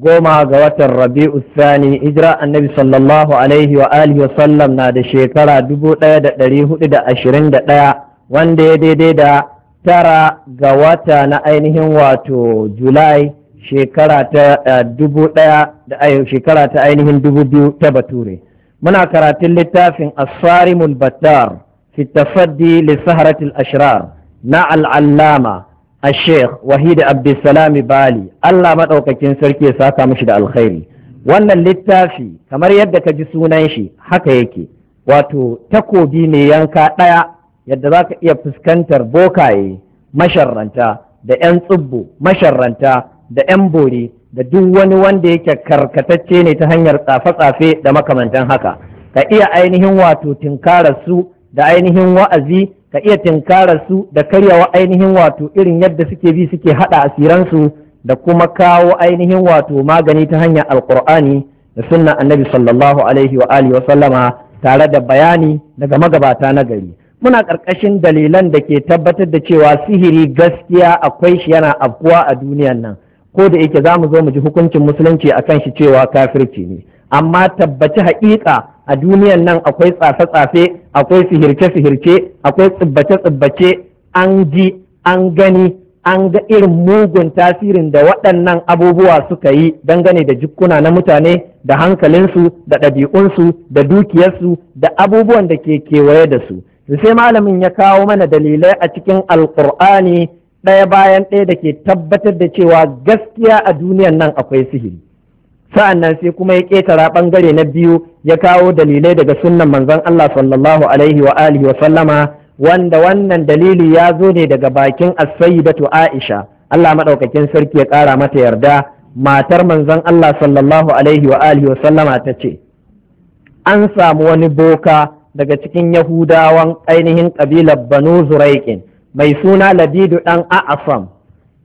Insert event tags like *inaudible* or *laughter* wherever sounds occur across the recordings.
goma ga watan rabi'u sani hijira annabi sallallahu alaihi wa alihi wasallam na da shekara ɗaya, wanda ya daidai da tara ga wata na ainihin wato julai shekara ta eh, dubu da ta ainihin dubu biyu ta bature muna karatun littafin asarimul battar fi tafaddi li na al'allama Wahidu وحيد Bali, Allah بالي sarki ya saka ساكا da alkhairi. wannan littafi kamar yadda ka ji sunan shi haka yake wato takobi ne yanka ɗaya yadda za ka iya fuskantar bokaye masharranta da 'yan tsubbu masharranta da 'yan bore da duk wani wanda yake karkatacce ne ta hanyar tsafe-tsafe da makamantan haka ka iya ainihin wato tinkara su da ainihin wa'azi ka iya tinkara su da karyawa ainihin wato irin yadda suke bi suke hada asiransu da kuma kawo ainihin wato magani ta hanyar alkur'ani da sunna annabi sallallahu alaihi wa alihi wa sallama tare da bayani daga magabata na gari muna ƙarƙashin dalilan da ke tabbatar da cewa sihiri gaskiya akwai shi yana afkuwa a duniyan nan ko da yake zamu zo mu ji hukuncin musulunci akan shi cewa kafirci ne amma tabbaci haƙiƙa a duniyan nan akwai tsafe-tsafe akwai sihirce-sihirce akwai tsibbace-tsibbace an ji an gani an ga irin mugun tasirin da waɗannan abubuwa suka yi dangane da jikuna na mutane da hankalinsu da ɗabi'unsu da dukiyarsu da abubuwan da ke kewaye da su sai malamin ya kawo mana dalilai a cikin Alƙur'ani ɗaya bayan ɗaya da ke tabbatar da cewa gaskiya a duniyan nan akwai sihiri sa'annan sai kuma ya ƙetara ɓangare na biyu ya kawo dalilai daga sunnan manzon Allah sallallahu alaihi wa alihi wa sallama wanda wannan dalili ya zo ne daga bakin as-sayyidatu Aisha Allah madaukakin sarki ya ƙara mata yarda matar manzon Allah sallallahu alaihi wa alihi wa sallama ta ce an samu wani boka daga cikin Yahudawan ainihin ƙabilar Banu Zuraikin. mai suna Labidu dan A'asam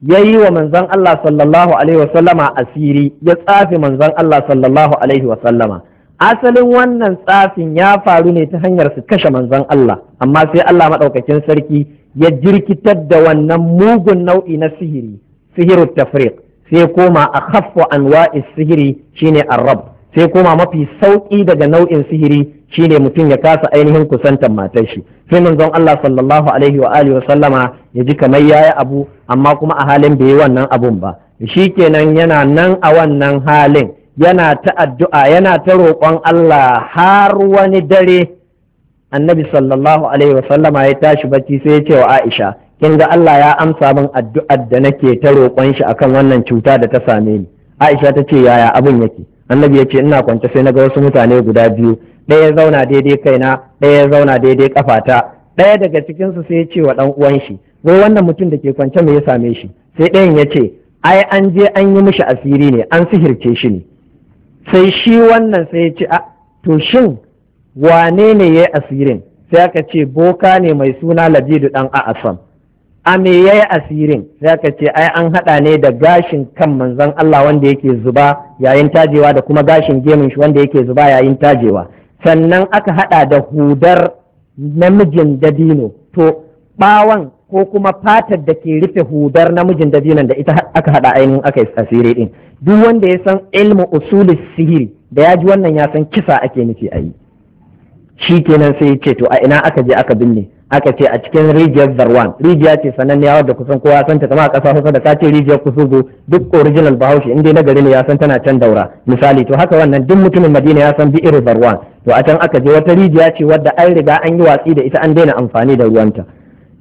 ya yi wa manzon Allah sallallahu alaihi wasallama asiri ya tsafi manzon Allah sallallahu alaihi wasallama asalin wannan tsafin ya faru ne ta hanyar su kashe manzan Allah amma sai Allah maɗaukakin sarki ya jirkitar da wannan mugun nau'i na sihiri sihirut tafriq sai koma a khaffu anwa'is sihiri shine arab sai koma mafi sauƙi daga nau'in sihiri shine mutum ya kasa ainihin kusantar matar shi sai manzon Allah sallallahu alaihi wa alihi wa sallama ya ji kamar yayi abu amma kuma a halin bai yi wannan abun ba shikenan yana nan a wannan halin yana ta addu'a yana ta roƙon Allah har wani dare annabi sallallahu alaihi wa sallama ya tashi bacci sai ya ce wa Aisha kin ga Allah ya amsa min addu'ar da nake ta roƙon shi akan wannan cuta da ta same ni Aisha ta ce yaya abun yake annabi ya ce ina kwance sai naga wasu mutane guda biyu ɗaya ya zauna daidai kaina ɗaya ya zauna daidai kafata ɗaya daga cikinsu sai ya ce wa ɗan uwan shi wai wannan mutum da ke kwance me ya same shi sai ɗayan ya ce ai an je an yi mishi asiri ne an sihirce shi ne sai shi wannan sai ya ce a to shin wane ne ya yi asirin sai aka ce boka ne mai suna labidu ɗan a'asam a me yi asirin za ka ce ai an haɗa ne da gashin kan manzon Allah wanda yake zuba yayin tajewa da kuma gashin gemun shi wanda yake zuba yayin tajewa sannan aka haɗa da hudar namijin dabino to ɓawan ko kuma fatar da ke rufe hudar namijin dabinon da ita aka haɗa ainihin aka yi asiri ɗin duk wanda ya san ilmu usulis sihiri da ya ji wannan ya san kisa ake nufi a yi shi kenan sai ya ce to a ina aka je aka binne aka ce a cikin rijiyar zarwan rijiya ce sananniya wadda kusan kowa san ta kama a ƙasa hausa da ka ce rijiyar kusugu duk original bahaushe inda na gari ne ya san tana can daura misali to haka wannan duk mutumin madina ya san bi'ir zarwan to a can aka je wata rijiya ce wadda an riga an yi watsi da ita an daina amfani da ruwanta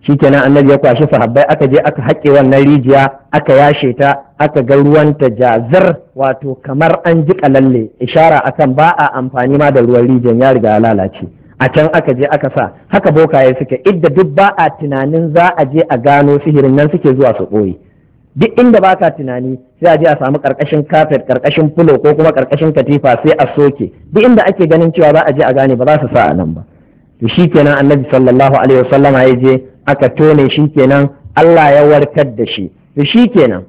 shikenan annabi ya kwashi sahabbai aka je aka haƙe wannan rijiya aka yashe ta aka ga ruwanta jazar wato kamar an jiƙa lalle ishara akan ba a amfani ma da ruwan rijiyar ya riga ya lalace a can aka je aka sa haka bokaye suke idda duk ba a tunanin za a je a gano sihirin nan suke zuwa su ɓoye duk inda ba ka tunani sai a je a samu karkashin kafet karkashin fulo ko kuma karkashin katifa sai a soke duk inda ake ganin cewa za a je a gane ba za su sa a nan ba to shikenan annabi sallallahu alaihi wasallama ya je aka tone shi kenan Allah ya warkar da shi to kenan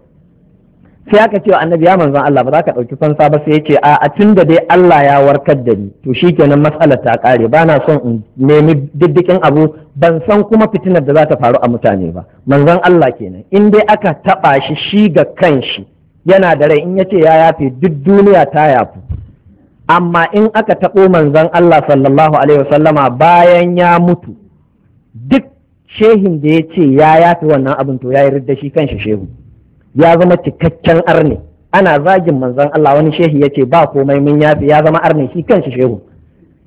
sai aka ce annabi ya manzon Allah ba za ka ɗauki fansa ba sai ya ce a tun da dai Allah ya warkar da ni to shi kenan matsalar ta ƙare ba na son in nemi diddikin abu ban san kuma fitinar da za ta faru a mutane ba manzon Allah kenan in dai aka taɓa shi shi ga kanshi yana da rai in ya ce ya yafe duk duniya ta yafu amma in aka taɓo manzon Allah sallallahu alaihi wasallama bayan ya mutu duk shehin da ya ce ya yafe wannan abin to ya yi ridda shi kanshi shehu ya zama cikakken arne ana zagin manzon Allah wani shehi ce ba komai mun yafi ya zama arne shi kanshi shehu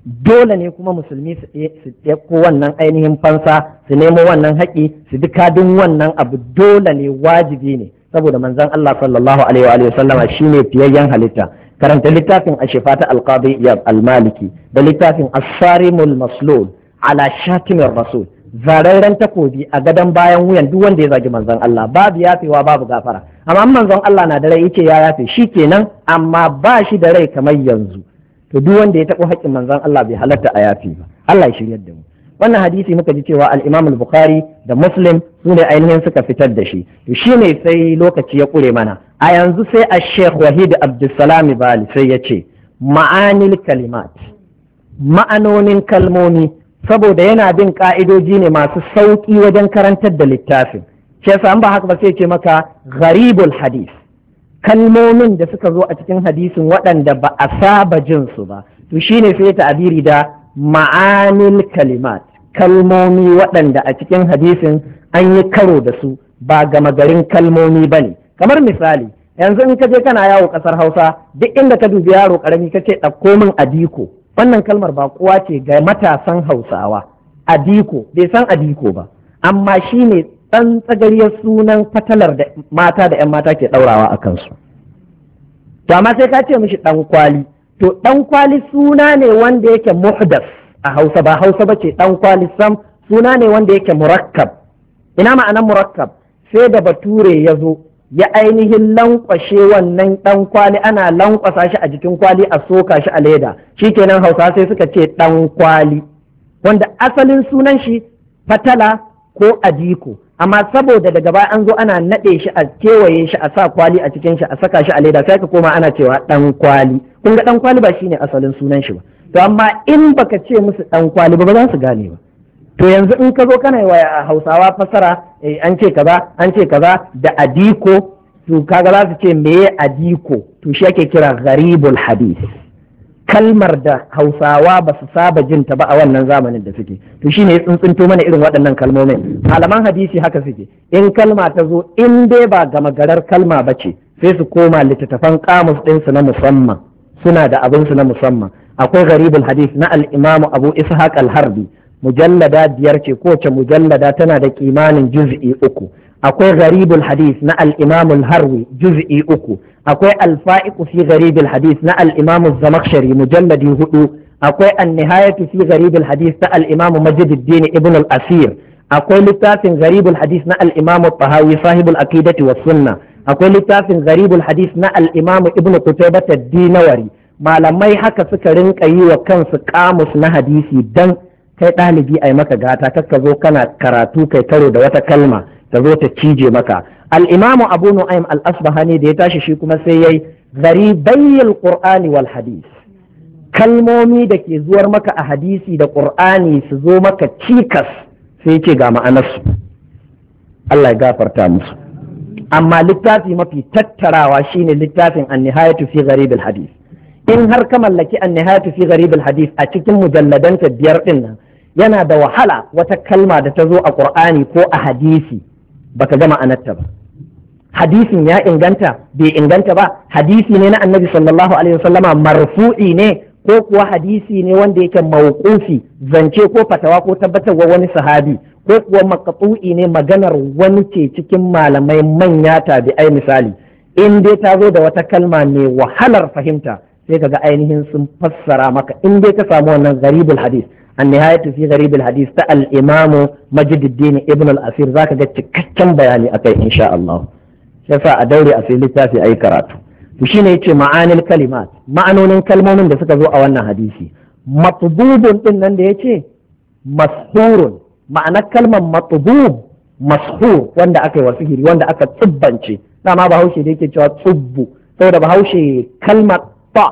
dole ne kuma musulmi su ko wannan ainihin fansa su nemo wannan haƙi su bi kadin wannan abu dole ne wajibi ne saboda manzon Allah sallallahu alaihi wa sallama shine fiyayyen halitta karanta littafin ashifa ta alqadi almaliki da littafin asarimul maslul ala shatimin rasul zararren takobi a gadon bayan wuyan duk wanda ya zagi manzon Allah babu yafewa babu gafara amma manzon Allah na da rai yace ya yafe shikenan amma ba shi da rai kamar yanzu to duk wanda ya taɓo haƙƙin manzon Allah bai halarta a yafe ba Allah ya shiryar da mu wannan hadisi muka ji cewa al-Imam al-Bukhari da Muslim su ne ainihin suka fitar da shi to shine sai lokaci ya kure mana a yanzu sai a Sheikh Wahid Abdulsalam Bali sai ya ce ma'anil kalimat ma'anonin kalmomi saboda yana bin ka'idoji ne masu sauƙi wajen karantar da littafin shi yasa ba haka ba sai ce maka gharibul hadis kalmomin da suka zo a cikin hadisin waɗanda ba a saba jin su ba to shine sai ta'abiri da ma'anil kalimat kalmomi waɗanda a cikin hadisin an yi karo da su ba gama garin kalmomi ba ne kamar misali yanzu in ka je kana yawo ƙasar hausa duk inda ka dubi yaro ƙarami ka ce ɗauko min adiko wannan kalmar ba kowa ce ga matasan hausawa adiko bai san adiko ba amma shi ne ɗan tsagariyar sunan fatalar da mata da 'yan mata ke ɗaurawa a kansu to amma sai ka ce mishi ɗan kwali to ɗan kwali suna ne wanda yake muhdas a hausa ba hausa ba ce ɗan kwali sam suna ne wanda yake murakkab ina ma'anar murakkab sai da bature ya zo ya ainihin lankwashe wannan ɗan kwali ana lankwasa shi a jikin kwali a soka shi a leda shikenan hausa sai suka ce ɗan kwali wanda asalin sunan shi fatala ko adiko amma saboda daga baya an zo ana naɗe shi a kewaye shi a sa kwali a cikin shi a saka shi a leda sai ka koma ana cewa ɗan kwali kun ga ɗan kwali ba shine asalin sunan shi ba to amma in baka ce musu ɗan kwali ba ba za su gane ba to yanzu in ka zo kana wa hausawa Fasara, eh, an ce kaza an ce kaza da adiko to kaga za su ce meye adiko to shi ake kira gharibul hadis kalmar da hausawa ba su saba jin ta ba a wannan zamanin da suke to shine ya tsuntsunto mana irin waɗannan kalmomin malaman hadisi haka suke in kalma ta zo in dai ba gama garar kalma ba ce sai su koma littattafan kamus ɗinsu na musamman suna da su na musamman akwai gharibul hadis na al-imamu abu ishaq al-harbi mujallada biyar ce kowace mujallada tana da kimanin juz'i uku akwai gharibul hadith na al harwi juz'i uku akwai al-fa'iqu fi gharibul hadith na al-imam zamakhshari mujalladi hudu akwai an-nihayatu fi gharibul hadith ta al-imam majduddin ibn al-asir akwai littafin gharibul hadith na al-imam tahawi sahibul aqidati was sunnah akwai littafin gharibul hadith na al-imam ibn qutaybah ad-dinawari malamai haka suka rinka yi wa kansu kamus na hadisi dan kai ɗalibi a yi maka gata kakka zo kana karatu kai karo da wata kalma ta zo ta cije maka al-imamu abu nu'aym al-asbahani da ya tashi shi kuma sai yayi zaribayil qur'ani wal hadis. kalmomi da ke zuwar maka a hadisi da qur'ani su zo maka cikas sai ce ga ma'anarsu Allah ya gafarta musu amma littafi mafi tattarawa shine littafin an-nihayatu fi gharibil hadis. in har ka mallaki an-nihayatu fi gharibil hadis a cikin mujalladan biyar din nan yana da wahala wata kalma da ta zo a ƙur'ani ko a hadisi baka gama anatta ba hadisin ya inganta bai inganta ba hadisi ne na annabi sallallahu alaihi wasallama marfu'i ne ko kuwa hadisi ne wanda yake mawqufi zance ko fatawa ko tabbatarwa wani sahabi ko kuwa maqtu'i ne maganar wani ce cikin malamai manya tabi'ai misali in dai ta zo da wata kalma mai wahalar fahimta sai kaga ainihin sun fassara maka in dai ka samu wannan garibul hadis النهاية في غريب الحديث سأل إمام مجد الدين ابن الأثير ذاك قد تكتم بياني أكي إن شاء الله يفا أدوري أفي لتافي أي كراتو وشين يتشي معاني الكلمات معنون كلمون دي سكزو أولنا حديثي مطبوب إنن دي يتشي مسحور معنى كلمة مطبوب مسحور واندا أكي وسهيري واندا أكي تبانشي لا ما بهوشي دي يتشي تبو سودا بهوشي كلمة طا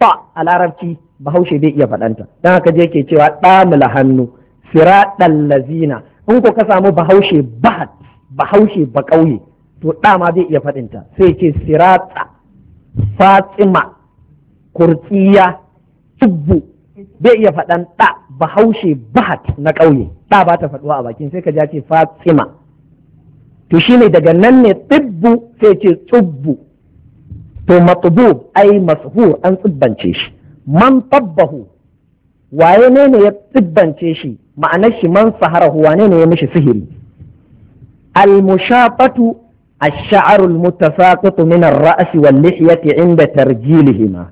طا العربي bahaushe bai iya faɗanta don haka je ke cewa ɗamula hannu firaɗan lazina in ko ka samu bahaushe bahat bahaushe ba ƙauye to ɗama bai iya faɗinta sai ke siratsa fatima kurtsiya tubbu bai iya faɗan ɗa bahaushe bahat na ƙauye ɗa ba ta faɗuwa a bakin sai ka ja ce fatima to shine daga nan ne tubbu sai ce tubbu, to matubu ai mashur an tsibbance shi man tabbahu waye ne ne ya tsibbance shi ma'anar shi man saharahu wane ne ya mishi sihiri al mushafatu الشعر المتساقط من الرأس واللحية عند ترجيلهما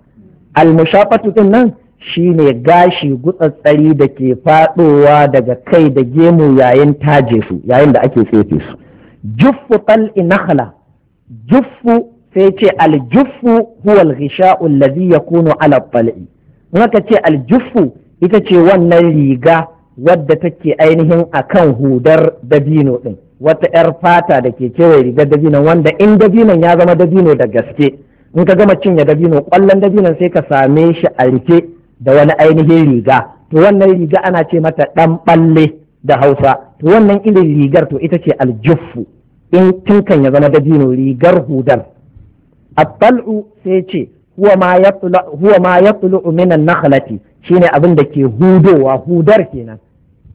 المشافة تنن shine gashi gutsa gutsatsari da ke faɗowa daga kai da gemu yayin taje su yayin da ake tsefe su juffu tal'i nakhla juffu sai ce aljuffu huwa alghisha'u alladhi yakunu ala tal'i muka ce aljuffu ita ce wannan riga wadda take ainihin akan hudar dabino din wata yar fata da ke kewaye rigar dabinon wanda in dabinon ya zama dabino da gaske in ka gama cinye dabino kwallon dabinon sai ka same shi a rike da wani ainihin riga to wannan riga ana ce mata dan balle da hausa to wannan irin rigar to ita ce aljuffu in kan ya zama dabino rigar hudar at sai ce huwa ma ya huwa ma na min shi ne shine abin da ke hudowa hudar kenan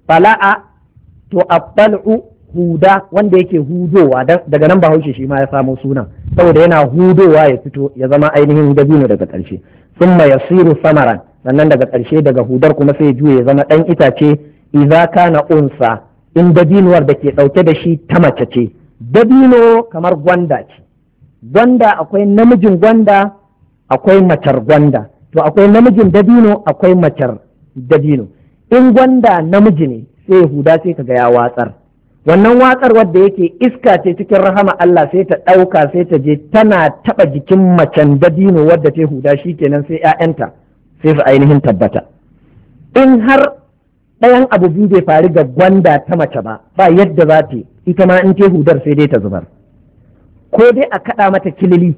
fala'a to at huda wanda yake hudowa daga nan bahaushe shi ma ya samo sunan saboda yana hudowa ya fito ya zama ainihin dabino daga ƙarshe ya yasiru samaran sannan daga ƙarshe daga hudar kuma sai juya ya zama ɗan itace izaka na unsa in dabinuwar da ke ɗauke da shi ta mace ce dabino kamar gwanda ce gwanda akwai namijin gwanda akwai macar gwanda to akwai namijin dabino akwai macar dabino in gwanda namiji ne sai huda sai kaga ya watsar wannan watsar wadda yake iska ce cikin rahama Allah sai ta ɗauka sai ta je tana taɓa jikin macen dabino wadda ta huda shi kenan sai ‘ya'yanta sai su ainihin tabbata in har ɗayan abu biyu bai faru ga gwanda ta mace ba ba yadda za ta ita ma in ta hudar sai dai ta zubar. ko dai a kaɗa mata kilili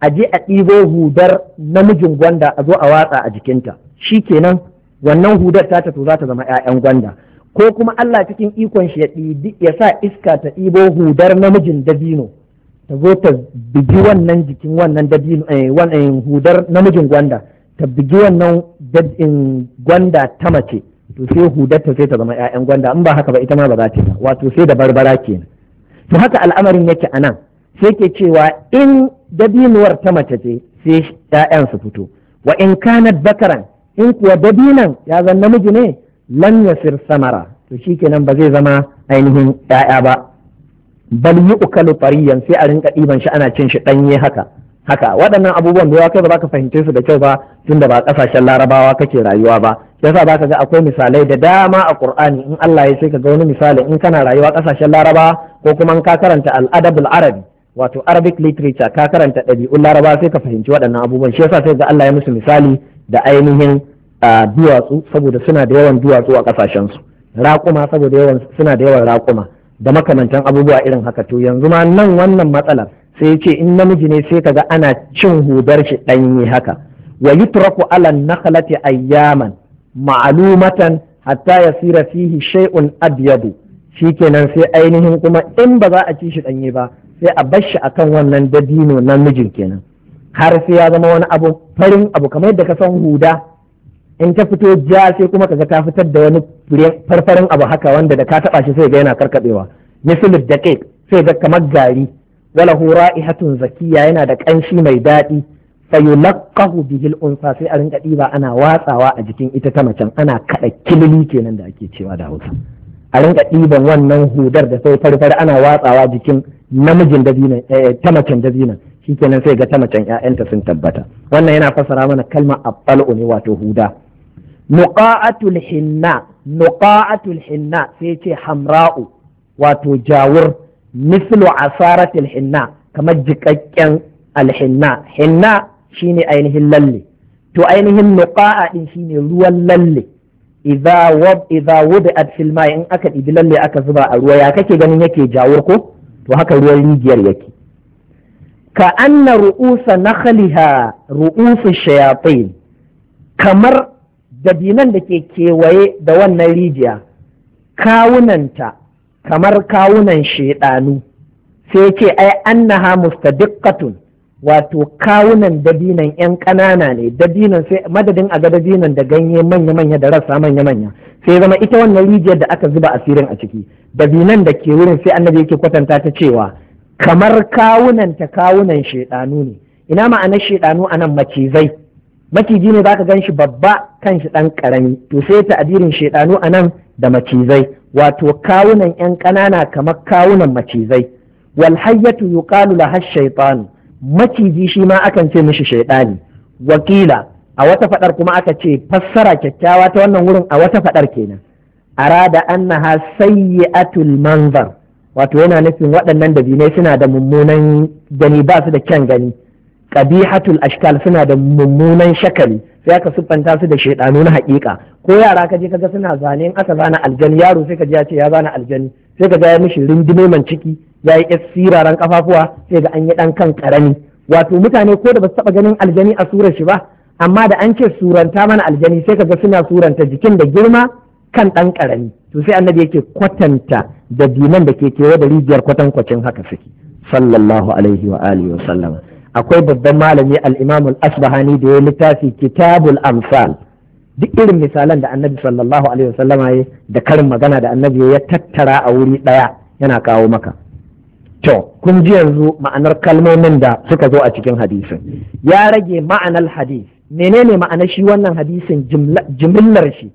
a je a ɗibo hudar namijin gwanda a zo a watsa a jikinta shi kenan wannan hudar ta tafi za ta zama 'ya'yan gwanda ko kuma Allah cikin ikon shi ya sa iska ta ɗibo hudar namijin dabino ta zo ta bigi wannan jikin wannan dabino eh, wannan eh, hudar namijin gwanda ta bigi wannan gwanda ta mace to sai hudar ta sai ta zama 'ya'yan gwanda in ba haka ba ita ma ba za ta wato sai da barbara kenan to haka al'amarin yake a nan sai ke cewa in dabinuwar ta mace ce sai ‘ya'yan su fito wa in kanat bakaran in kuwa dabinan ya zan namiji ne ya sir samara to shi nan ba zai zama ainihin ‘ya'ya ba bal yi ukalu fariyan sai a rinka ɗiban shi ana cin shi ɗanye haka haka waɗannan abubuwan da kai ba za ka fahimce su da kyau ba tunda ba ƙasashen larabawa kake rayuwa ba yasa za ka ga akwai misalai da dama a Kur'ani in Allah ya sai ka ga wani misali in kana rayuwa ƙasashen larabawa ko kuma in ka karanta al'adabul arabi wato arabic literature ka karanta ɗabi'un laraba sai ka fahimci waɗannan abubuwan shi yasa sai ga Allah ya musu misali da ainihin duwatsu saboda suna da yawan duwatsu a ƙasashen su raƙuma saboda yawan suna da yawan raƙuma da makamantan abubuwa irin haka to yanzu ma nan wannan matsalar sai ce in namiji ne sai kaga ana cin hudar shi ɗanyi haka wa yutraku ala nakhlati ayyaman ma'lumatan hatta yasira fihi shay'un shi kenan sai ainihin kuma in ba za a ci shi ɗanye ba sai a bashi akan wannan dadino na mijin kenan har sai ya zama wani abu farin abu kamar yadda ka san huda in ta fito ja sai kuma kaga ta fitar da wani farfarin abu haka wanda da ka taba shi sai ga yana karkadewa misal da sai ga kamar gari wala hura ihatun zakiya yana da kanshi mai daɗi fayulaqahu bihi al-unsa sai a rinka ɗiba ana watsawa a jikin ita ta macen ana kaɗa kilili kenan da ake cewa da Hausa a rinka ɗiban wannan hudar da sai farfar ana watsawa jikin namijin dabinan eh, eh, ta macen dabinan shikenan sai ga ta macen ta sun tabbata wannan yana fasara mana kalma abbalu ne wato huda nuqa'atul hinna nuqa'atul hinna sai ce hamra'u wato jawur mislu asaratil hinna kamar jikakken alhinna hinna shine ainihin lalle to ainihin nuqa'a din shine ruwan lalle idza wad idza wudi'at fil ma'i in aka ɗibi lalle aka zuba a ruwa ya kake ganin yake jawur ko to haka ruwan rijiyar yake ka anna ru'usa khaliha, ru'usu shayatin kamar dabinan da ke kewaye da wannan rijiya kawunanta kamar kawunan shaidanu sai ce ai annaha mustadiqqatun wato kawunan dabinan yan ƙanana ne dabinan sai madadin a ga dabinan da ganye manya-manya da rassa manya-manya sai zama ita wannan rijiyar da aka zuba asirin a ciki dabinan da ke wurin sai annabi yake kwatanta ta cewa kamar kawunan ta kawunan shedanu ne ina ma'anar shedanu anan macizai maciji ne zaka gan shi babba kan shi ɗan ƙarami to sai ta'abirin shedanu anan da macizai wato kawunan yan ƙanana kamar kawunan macizai wal hayyatu yuqalu laha shaytanu maciji shi ma akan ce mishi shaidani wakila a wata fadar kuma aka ce fassara kyakkyawa ta wannan wurin a wata fadar kenan arada annaha sayyi'atul manzar wato yana nufin waɗannan da dabinai suna da mummunan gani ba su da kyan gani qabihatul ashkal suna da mummunan shakali sai aka sufanta su da shaidanu na haƙiƙa ko yara ka je kaga suna zane in aka zana aljani yaro sai ka ji ya ce ya zana aljani sai ga ya mishi rindime man ciki ya yi siraran kafafuwa sai ga an yi dan kan karami wato mutane ko da ba su taba ganin aljani a surar shi ba amma da an ce suranta mana aljani sai ka ga suna suranta jikin da girma kan ɗan karami to sai annabi yake kwatanta da dinan da ke kewa da rijiyar kwatankwacin haka suke sallallahu alaihi wa alihi wa sallama akwai babban malami al-imam asbahani da ya littafi kitabul amsal duk irin misalan da annabi sallallahu alaihi wasallama ya da karin magana da annabi ya tattara a wuri ɗaya yana kawo maka to kun ji yanzu ma'anar kalmomin da suka zo a cikin hadisin ya rage ma'anar hadis menene ma'anar shi wannan hadisin jimillar shi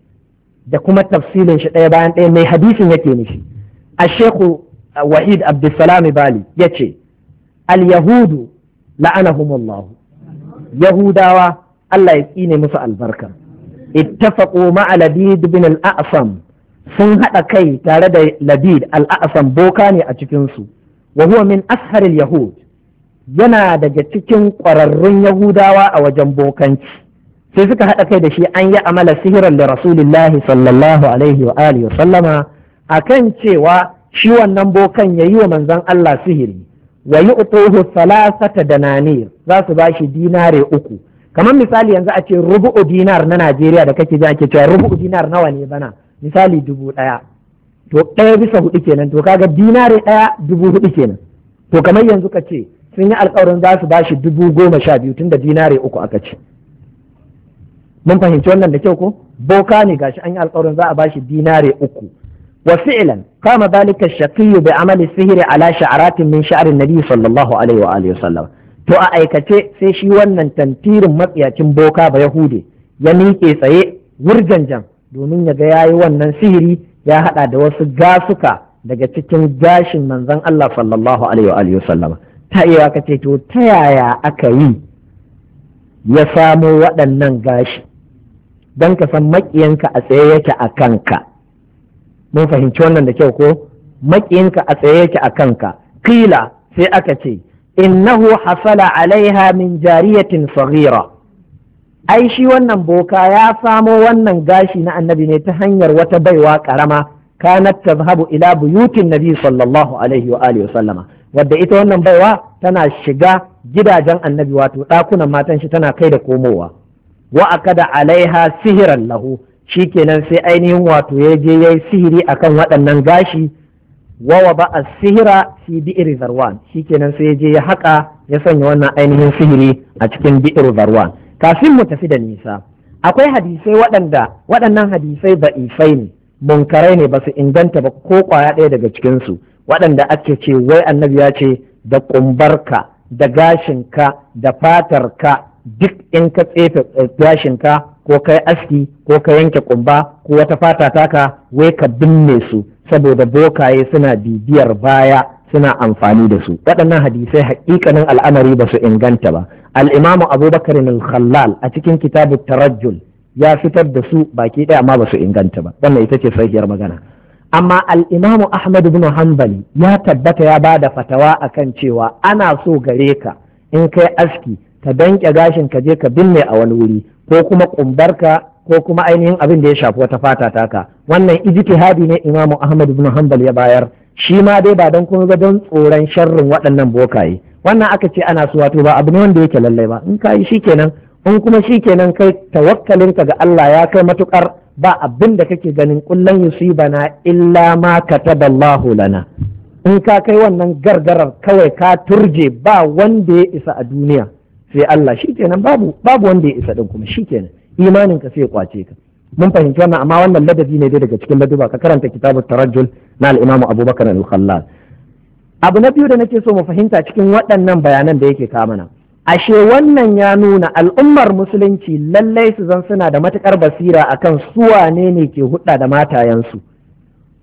da kuma tafsilin shi ɗaya bayan ɗaya mai hadisin yake nishi a shekhu wahid abdulsalami bali ya ce al-yahudu la'anahumullahu yahudawa Allah ya tsine musu albarka ittafaqu ma'a labid bin al-a'sam sun haɗa kai tare da labid al-a'sam boka ne a cikin su wa huwa min asharil yahud yana daga cikin ƙwararrun yahudawa a wajen bokanci sai suka haɗa kai da shi an yi amala sihiran da rasulillahi sallallahu alaihi wa alihi wa sallama akan cewa shi wannan bokan ya yi wa manzon Allah sihiri wa yi utuhu salasata dananir za su ba shi dinare uku kamar misali yanzu a ce rubu'u dinar na Najeriya da kake ji ake cewa rubu'u dinar nawa ne bana misali dubu ɗaya to ɗaya bisa hudu kenan to kaga dinare ɗaya dubu hudu kenan to kamar yanzu ka ce sun yi alkawarin za su bashi dubu goma sha biyu tun da dinare uku aka ce mun fahimci wannan da kyau ko boka ne gashi an yi alkawarin za a bashi dinare uku wa ilan kama dalika shaqiyyu bi amali sihiri ala sha'ratin min sha'ri nabi sallallahu alaihi wa sallam to a aikace sai shi wannan tantirin matsiyacin boka ba yahude ya miƙe tsaye wurjanjan domin ya ga yayi wannan sihiri ya haɗa da wasu gasuka daga cikin gashin manzon Allah sallallahu alaihi wa sallama ta iya ka ce to ta yaya aka yi ya samo waɗannan gashi don ka san maƙiyanka a tsaye yake a kanka mun fahimci wannan da kyau ko maƙiyanka a tsaye yake a kanka kila sai aka ce innahu hasala alaiha min jariyatin saghira ai shi wannan boka ya samo wannan gashi na annabi ne ta hanyar wata baiwa karama kanat tazhabu ila buyutin nabi sallallahu wadda ita wannan baiwa tana shiga gidajen annabi wato dakunan matan shi tana kai da komowa wa akada alaiha sihiran lahu shi kenan sai ainihin wato ya je yayi sihiri akan waɗannan gashi wawa ba a sihira fi bi'ir zarwan shikenan sai je ya haƙa ya sanya wannan ainihin sihiri a cikin bi'ir zarwan kafin mu tafi da nisa akwai hadisai waɗanda waɗannan hadisai ba'ifai ne munkarai ne ba su inganta ba ko kwaya ɗaya daga cikin su waɗanda ake ce wai annabi ya ce da ƙumbarka da gashinka da fatarka duk in ka tsefe eh, gashinka ko kai aski ko ka yanke ƙumba ko wata fata taka wai ka binne su saboda bokaye suna bibiyar baya suna amfani da su waɗannan hadisai haƙiƙanin al'amari ba su inganta ba al'imamu abubakar al-khallal a cikin kitabu tarajjul ya fitar da su baki ɗaya amma ba su inganta ba wannan ita ce sahihiyar magana amma al'imamu ahmad ibn hanbali ya tabbata ya ba da fatawa akan cewa ana so gare ka in kai aski ka danƙe gashin ka je ka binne a wani wuri ko kuma kumbarka ko kuma ainihin abin da ya shafi wata fata taka wannan ijtihadi ne imamu ahmad ibn hanbal ya bayar shi ma dai ba don kuma ga don tsoron sharrin waɗannan bokaye wannan aka ce ana su wato ba abu ne wanda yake lallai ba in ka yi shikenan in kuma shikenan kai tawakkalin ka ga Allah ya kai matukar ba abin da kake ganin kullun yusibana illa ma kataballahu lana in ka kai wannan gargarar kawai ka turje ba wanda ya isa a duniya sai Allah shikenan babu babu wanda ya isa din kuma shikenan imanin ka sai kwace ka mun fahimci wannan amma wannan ladabi ne dai daga cikin laduba ka karanta kitabu tarajjul na al-imam abubakar al-khallal abu na biyu da nake so mu fahimta cikin waɗannan bayanan da yake mana ashe wannan ya nuna al'ummar musulunci lallai su zan suna da matukar basira akan su wane ne ke hudda da matayensu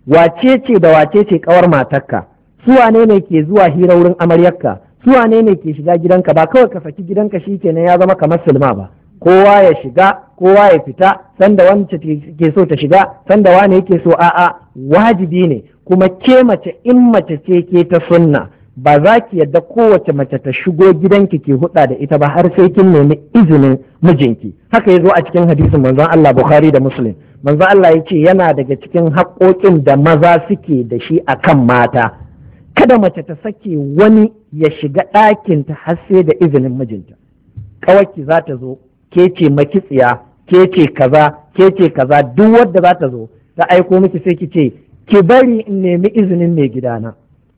wace ce da wace ce kawar matarka su wane ne ke zuwa hira wurin amaryarka su wane ne ke shiga gidanka ba kawai ka saki gidanka shi ne ya zama kamar sulma ba kowa ya shiga kowa ya fita sanda wance ke so ta shiga sanda wani yake so a'a wajibi ne kuma ke mace in mace ce ke ta sunna ba za ki yadda kowace mace ta shigo gidanki ke huɗa da ita ba har sai kin nemi izinin mijinki haka ya zo a cikin hadisin manzon Allah Bukhari da Muslim manzon Allah ya ce yana daga cikin haƙoƙin da maza suke da shi a kan mata kada mace ta sake wani ya shiga ɗakinta har sai da izinin mijinta kawai za ta zo ke ce makitsiya ke ce kaza ke ce kaza duk wadda za ta zo ta aiko miki sai ki ce ki bari in nemi izinin mai gida na. gidana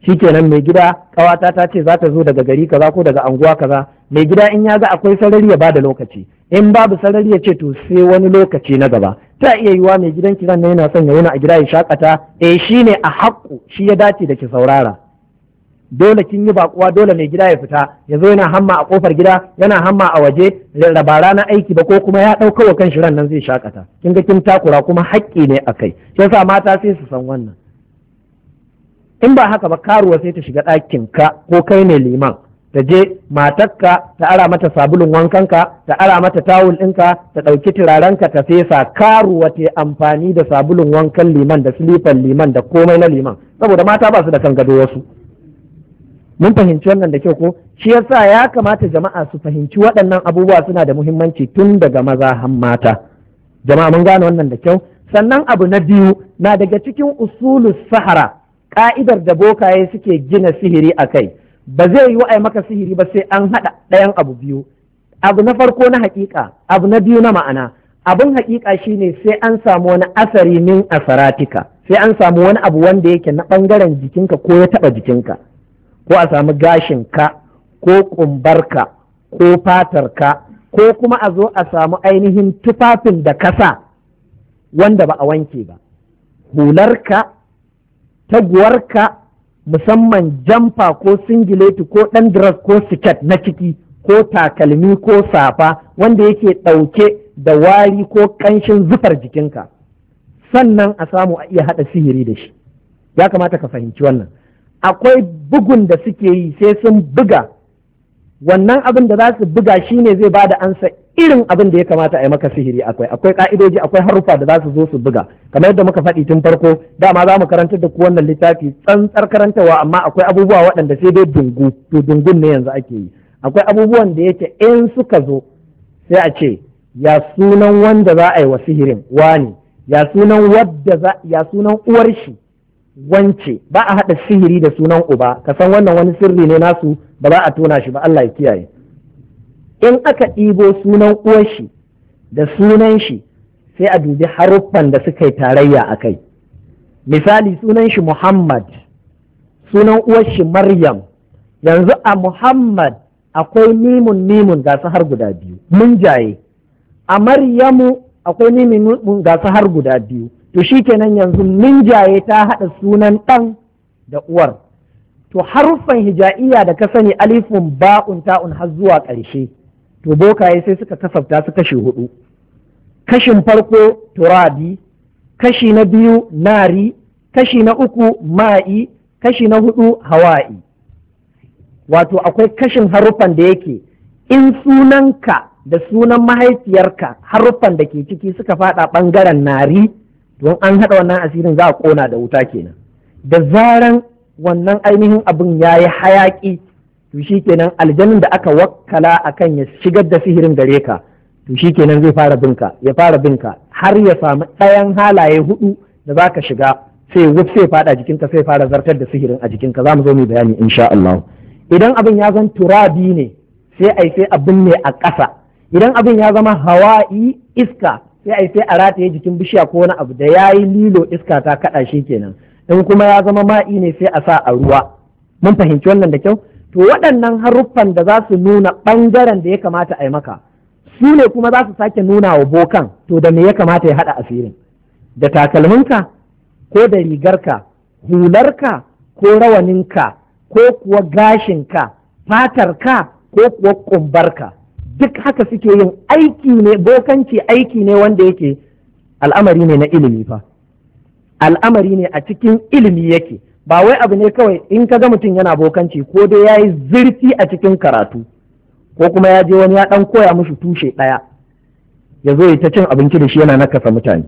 shikenan mai gida kawata ta ce za ta zo daga gari kaza ko daga anguwa kaza mai gida in ya ga akwai sarari ya bada lokaci in babu sarari ya ce to sai wani lokaci na gaba ta iya yiwa mai gidan kiran na yana son ya wuna a gida ya shakata eh shi ne a haƙƙo shi ya dace da ki saurara dole kin yi bakuwa dole mai gida ya fita ya zo yana hamma a kofar gida yana hamma a waje rabara na aiki ba ko kuma ya ɗauka wa kan shiran nan zai shakata kin ga kin takura kuma haƙƙi ne a kai shiyasa sa mata sai su san wannan in ba haka ba karuwa sai ta shiga ɗakin ka ko kai ne liman ta je matarka ta ara mata sabulun wankanka ta ara mata tawul ɗinka ta ɗauki turarenka ta fesa karuwa ta amfani da sabulun wankan liman da silifan liman da komai na liman saboda mata ba su da kan gado wasu mun fahimci wannan da kyau ko shi yasa ya kamata jama'a su fahimci waɗannan abubuwa suna da muhimmanci tun daga maza har mata jama'a mun gane wannan da kyau sannan abu na biyu na daga cikin usulu sahara ka'idar da bokaye suke gina sihiri a kai ba zai yi wa'ai maka sihiri ba sai an haɗa ɗayan abu biyu abu na farko na haƙiƙa abu na biyu na ma'ana Abun haƙiƙa shine sai an samu wani asari min asaratika sai an samu wani abu wanda yake na ɓangaren jikinka ko ya taɓa jikinka ko a samu gashinka ko kumbarka ko fatarka ko kuma a zo a samu ainihin tufafin da kasa wanda ba a wanke ba hularka taguwarka musamman jamfa ko singileti ko ɗan dress ko siket na ciki ko takalmi ko safa wanda yake ɗauke da wari ko ƙanshin zufar jikinka sannan a samu a iya haɗa sihiri da shi ya kamata ka fahimci wannan akwai bugun da suke yi sai sun buga wannan abin da za su buga shi ne zai da ansa irin abin da ya kamata a yi maka sihiri akwai akwai ka'idoji akwai haruffa da za su zo su buga kamar yadda muka faɗi tun farko dama za mu karanta da kuwannan wannan littafi tsantsar karantawa. amma akwai abubuwa waɗanda sai dai dungu to dungun ne yanzu ake yi akwai abubuwan da yake in suka zo sai a ce ya sunan wanda za a yi wa sihirin wani ya ya sunan uwar shi wance ba a haɗa sihiri da sunan uba ka san wannan wani sirri ne nasu ba za a tona shi ba Allah ya kiyaye in aka ɗibo sunan uwar shi da sunan shi sai a dubi haruffan da suka yi tarayya a kai misali sunan shi Muhammad sunan uwar shi Maryam yanzu a Muhammad akwai mimun mimun ga har guda biyu mun jaye a Maryamu akwai mimun mimun ga har guda biyu to shi kenan yanzu ninjaye ta haɗa sunan ɗan da uwar to haruffan hija'iyya da ka sani alifun ba'un ta'un har zuwa ƙarshe to bokaye sai suka kasafta su kashe hudu kashin farko turabi kashi na biyu nari kashi na uku ma'i kashi na hudu hawa'i wato akwai kashin haruffan da yake in sunanka da sunan mahaifiyarka haruffan da ke ciki suka faɗa ɓangaren nari don an haɗa wannan asirin za a ƙona da wuta kenan da zaran wannan ainihin abin ya yi hayaƙi to shi kenan aljanin da aka wakkala akan ya shigar da sihirin gare ka to shi kenan zai fara binka ya fara binka har ya samu ɗayan halaye huɗu da za ka shiga sai wuf sai faɗa jikinka sai fara zartar da sihirin a jikinka za mu zo mu bayani insha Allah idan abin ya zan turabi ne sai ai sai abin ne a ƙasa idan abin ya zama hawa'i iska sai ai sai a rataye jikin bishiya ko wani abu da yayi lilo iska ta kada shi kenan in kuma ya zama ma'i ne sai a sa a ruwa mun fahimci wannan da kyau to waɗannan haruffan da za su nuna ɓangaren da ya kamata a yi maka su ne kuma za su sake nuna wa bokan to da me ya kamata ya haɗa asirin da takalminka ko da rigarka hularka ko rawaninka ko kuwa gashinka fatarka ko kuwa ƙumbarka duk haka suke yin aiki ne bokanci aiki ne wanda yake al'amari ne na ilimi fa al'amari ne a cikin ilimi yake ba wai abu ne kawai in ka ga mutum yana bokanci ko dai ya yi zurfi a cikin karatu ko kuma ya je wani ya ɗan koya mushi tushe ɗaya ya zo ya ta cin abinci da shi yana nakasa mutane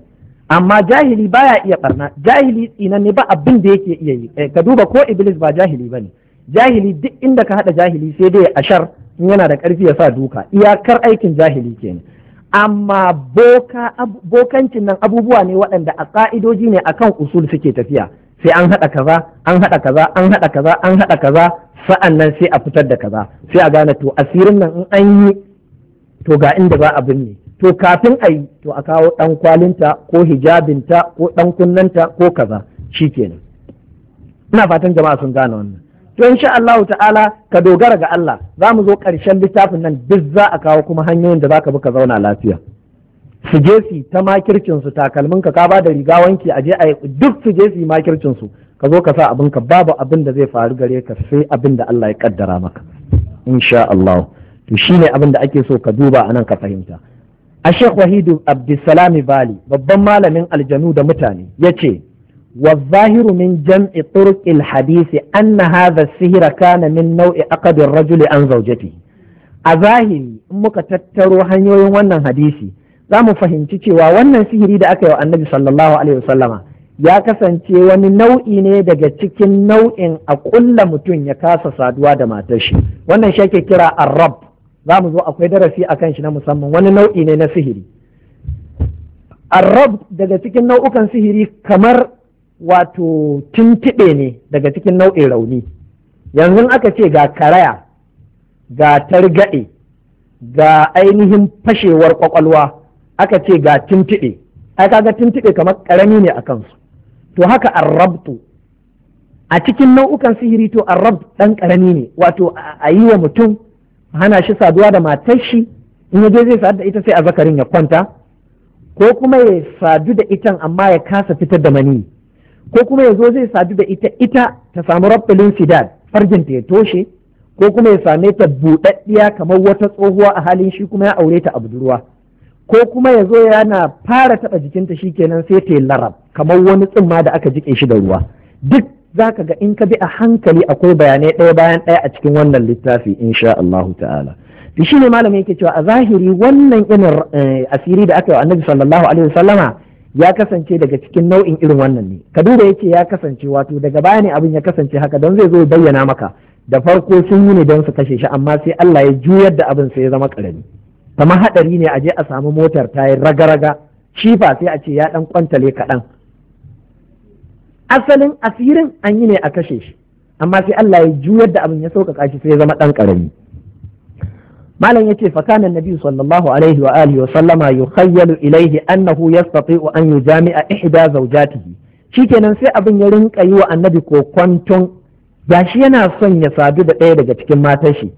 amma jahili baya iya barna jahili tsinan ne ba abin da yake iya yi eh, ka duba ko iblis ba jahili bane jahili duk inda ka haɗa jahili sai dai ashar in yana da ƙarfi ya sa duka iyakar aikin jahili kenan amma bokancin nan abubuwa ne waɗanda a ƙa'idoji ne akan usul suke tafiya sai an haɗa kaza an haɗa kaza an haɗa kaza an haɗa kaza sa'an nan sai a fitar da kaza sai a gane to asirin nan in an yi to ga inda za a binne to kafin a yi to a kawo ɗan kwalinta ko hijabinta ko ɗan kunnanta ko kaza shi kenan. ina fatan jama'a sun gane wannan to insha Allah ta'ala ka dogara ga Allah za mu zo ƙarshen littafin nan duk za a kawo kuma hanyoyin da za ka bi ka zauna lafiya su je ta makircinsu takalmin ka ka ba da riga wanki a je a duk su je su ka zo ka sa abin ka babu abin da zai faru gare ka sai abin da Allah ya kaddara maka insha Allah to shine abin da ake so ka duba a nan ka fahimta a Sheikh Wahidu Abdulsalam Bali babban malamin aljanu da mutane ya ce. والظاهر من جمع طرق الحديث أن هذا السهر كان من نوع أقد الرجل عن زوجته أظاهر muka tattaro hanyoyin wannan hadisi za mu fahimci cewa wannan sihiri da aka yi wa annabi sallallahu alaihi wasallama ya kasance wani nau'i ne daga cikin nau'in a kulla mutum ya kasa saduwa da matar shi wannan shi ake kira arab za mu zo akwai darasi akan shi na musamman wani nau'i ne na sihiri arab daga cikin nau'ukan sihiri kamar wato tuntube ne daga cikin nau'in rauni yanzu aka ce ga karaya ga targaɗe ga ainihin fashewar ƙwaƙwalwa aka ce ga tuntube ai kaga tuntube kamar ƙarami ne a kansu to haka arrabtu a cikin nau'ukan sihiri to arrab ɗan ƙarami ne wato a yi wa mutum hana shi saduwa da matar shi in ya je zai sadu da ita sai a zakarin ya kwanta ko kuma ya sadu da itan amma ya kasa fitar da maniyyi ko kuma ya zo zai sadu da ita ita ta samu rabbalin fidal ta ya toshe ko kuma ya same ta buɗaɗɗiya kamar wata tsohuwa a halin shi kuma ya aure ta a budurwa ko kuma ya zo yana fara taɓa jikinta shi kenan sai ta yi larab kamar wani tsumma da aka jiƙe shi da ruwa duk za ka ga in ka bi a hankali akwai bayanai ɗaya bayan ɗaya a cikin wannan littafi insha Allahu ta'ala shi ne malamin yake cewa a zahiri wannan irin eh, asiri da aka yi wa annabi sallallahu alaihi wasallama ya kasance daga cikin nau'in irin wannan ne ka duba yake ya kasance wato daga baya ne abin ya kasance haka don zai zo bayyana maka da farko sun yi ne don su kashe shi amma sai Allah ya juyar da abin sai ya zama karami kama hadari ne a je a samu motar ta yi raga-raga shifa sai a ce ya dan kwantale kaɗan asalin asirin an yi ne a kashe shi amma sai Allah ya juyar da abin ya sauƙaƙa shi sai ya zama ɗan ƙarami malam yace fa kana nabi sallallahu alaihi wa alihi wa sallama yukhayyalu ilaihi annahu yastati'u an yujami'a ihda zawjatihi shikenan sai abin ya rinka yi wa annabi kokwanton gashi yana son ya sadu da ɗaya daga cikin matan shi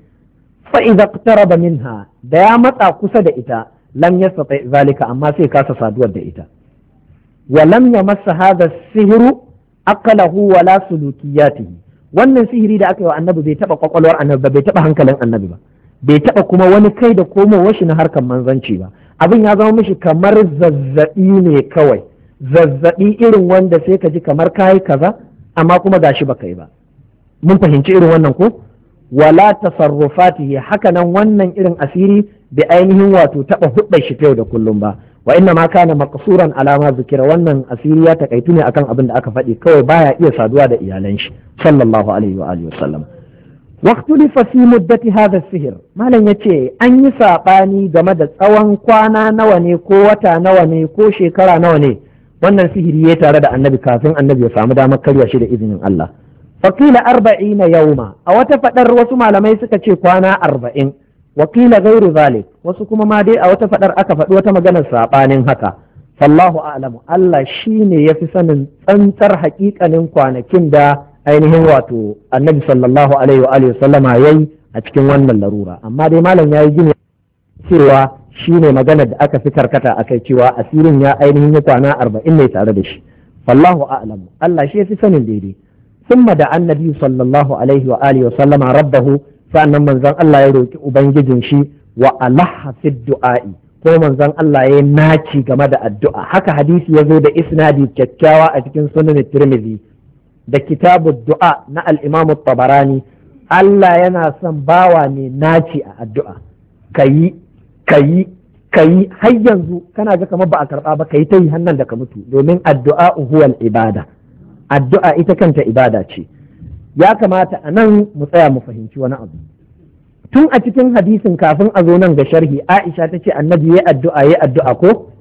fa idza iqtaraba minha da ya matsa kusa da ita lam yastati zalika amma sai kasa saduwar da ita wa lam yamassa hadha sihru aqlahu wala sulukiyatihi wannan sihiri da aka yi wa annabi bai taba kwakwalwar annabi ba bai taba hankalin annabi ba bai taɓa kuma wani kai da komowar shi na harkar manzanci ba abin ya zama mishi kamar zazzaɓi ne kawai zazzaɓi irin wanda sai ka ji kamar kayi kaza amma kuma ga shi ba kai ba mun fahimci irin wannan ko wala tasarrufatihi haka nan wannan irin asiri bi ainihin wato taɓa huɗa shi yau da kullum ba wa inna ma kana maqsuran alama zikira wannan asiri ya takaitu ne akan abin da aka faɗi kawai baya iya saduwa da iyalan shi sallallahu alaihi wa alihi wa sallam واختلف في مدة هذا السهر ما لن يتي saɓani game da tsawon kwana nawa ne ko wata nawa ne ko shekara nawa ne wannan sihiri ya tare da annabi kafin annabi ya samu damar karya shi da izinin Allah fakila arba'ina yauma a wata fadar wasu malamai suka ce kwana arba'in wakila gairu zalik wasu kuma ma dai a wata fadar aka faɗi wata maganar saɓanin haka sallahu a'lamu Allah shine yafi sanin tsantsar hakikanin kwanakin da ainihin wato annabi sallallahu alaihi wa alihi sallama yayi a cikin wannan larura amma dai malam yayi gini cewa shine magana da aka fi karkata akai cewa asirin ya ainihin ya kwana 40 ne tare da shi wallahu a'lam Allah shi yafi sanin daidai thumma da annabi sallallahu alaihi wa alihi wa sallama rabbahu sa'annan manzon Allah ya roki ubangijin shi wa alaha fi du'a'i ko manzon Allah ya naci game da addu'a haka hadisi ya zo da isnadi kyakkyawa a cikin sunan Tirmidhi da kitabu du'a na al'imamu tabarani Allah yana son bawa ne naci a addu'a kayi kayi kayi har yanzu kana ga kamar ba a karɓa ba kayi ta yi hannun da ka mutu domin addu'a huwal ibada addu'a ita kanta ibada ce ya kamata a nan mu tsaya mu fahimci wani abu tun a cikin hadisin kafin a zo nan ga sharhi Aisha ta ce annabi ya addu'a ya addu'a ko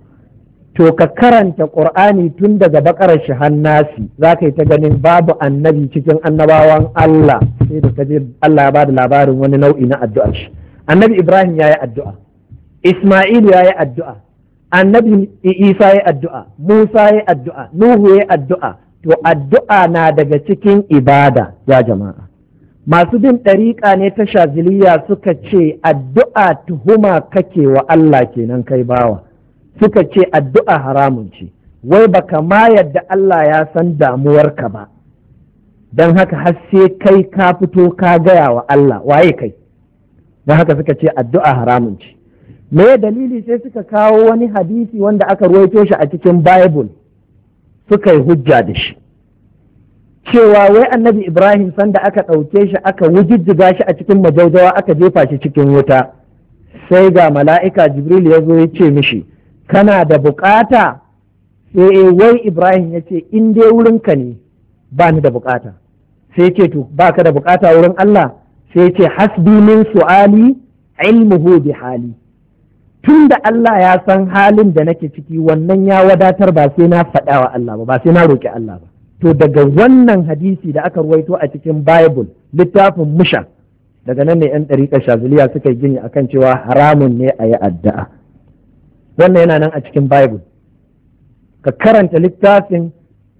to ka karanta ƙur'ani tun daga bakarar shi hannasi za ka yi ta ganin babu annabi cikin annabawan Allah sai da kaje Allah ya bada labarin wani nau'i na addu'ar shi annabi Ibrahim ya yi addu'a Isma'il ya yi addu'a annabi Isa ya yi addu'a Musa ya yi addu'a Nuhu ya yi addu'a to addu'a na daga cikin ibada ya jama'a masu bin ɗariƙa ne ta shaziliya suka ce addu'a tuhuma kake wa Allah kenan kai bawa suka ce addu'a haramun ce wai baka ma yadda Allah ya san damuwarka ba don haka har sai kai ka fito ka gaya wa Allah waye kai don haka suka ce addu'a haramun ce me dalili sai suka kawo wani hadisi wanda aka ruwaito shi a cikin bible suka yi hujja da shi cewa wai annabi ibrahim sanda aka ɗauke shi aka wujijjiga shi a cikin majaujawa aka jefa shi cikin wuta sai ga mala'ika jibril ya zo ya ce mishi kana da bukata sai eh, eh, wai ibrahim ya ce in dai wurinka ne ba ni da bukata sai ce to ba ka da bukata wurin allah sai ce hasbi min su'ali ilmuhu bi hali tun da allah ya san halin da nake ciki wannan ya wadatar ba sai na faɗa wa allah ba ba sai na roƙi allah ba to daga wannan hadisi da aka ruwaito a cikin bible littafin musha daga nan ne 'yan ɗariƙar shaziliya suka yi gini akan cewa haramun ne a yi addu'a wannan yana nan a cikin bible ka karanta littafin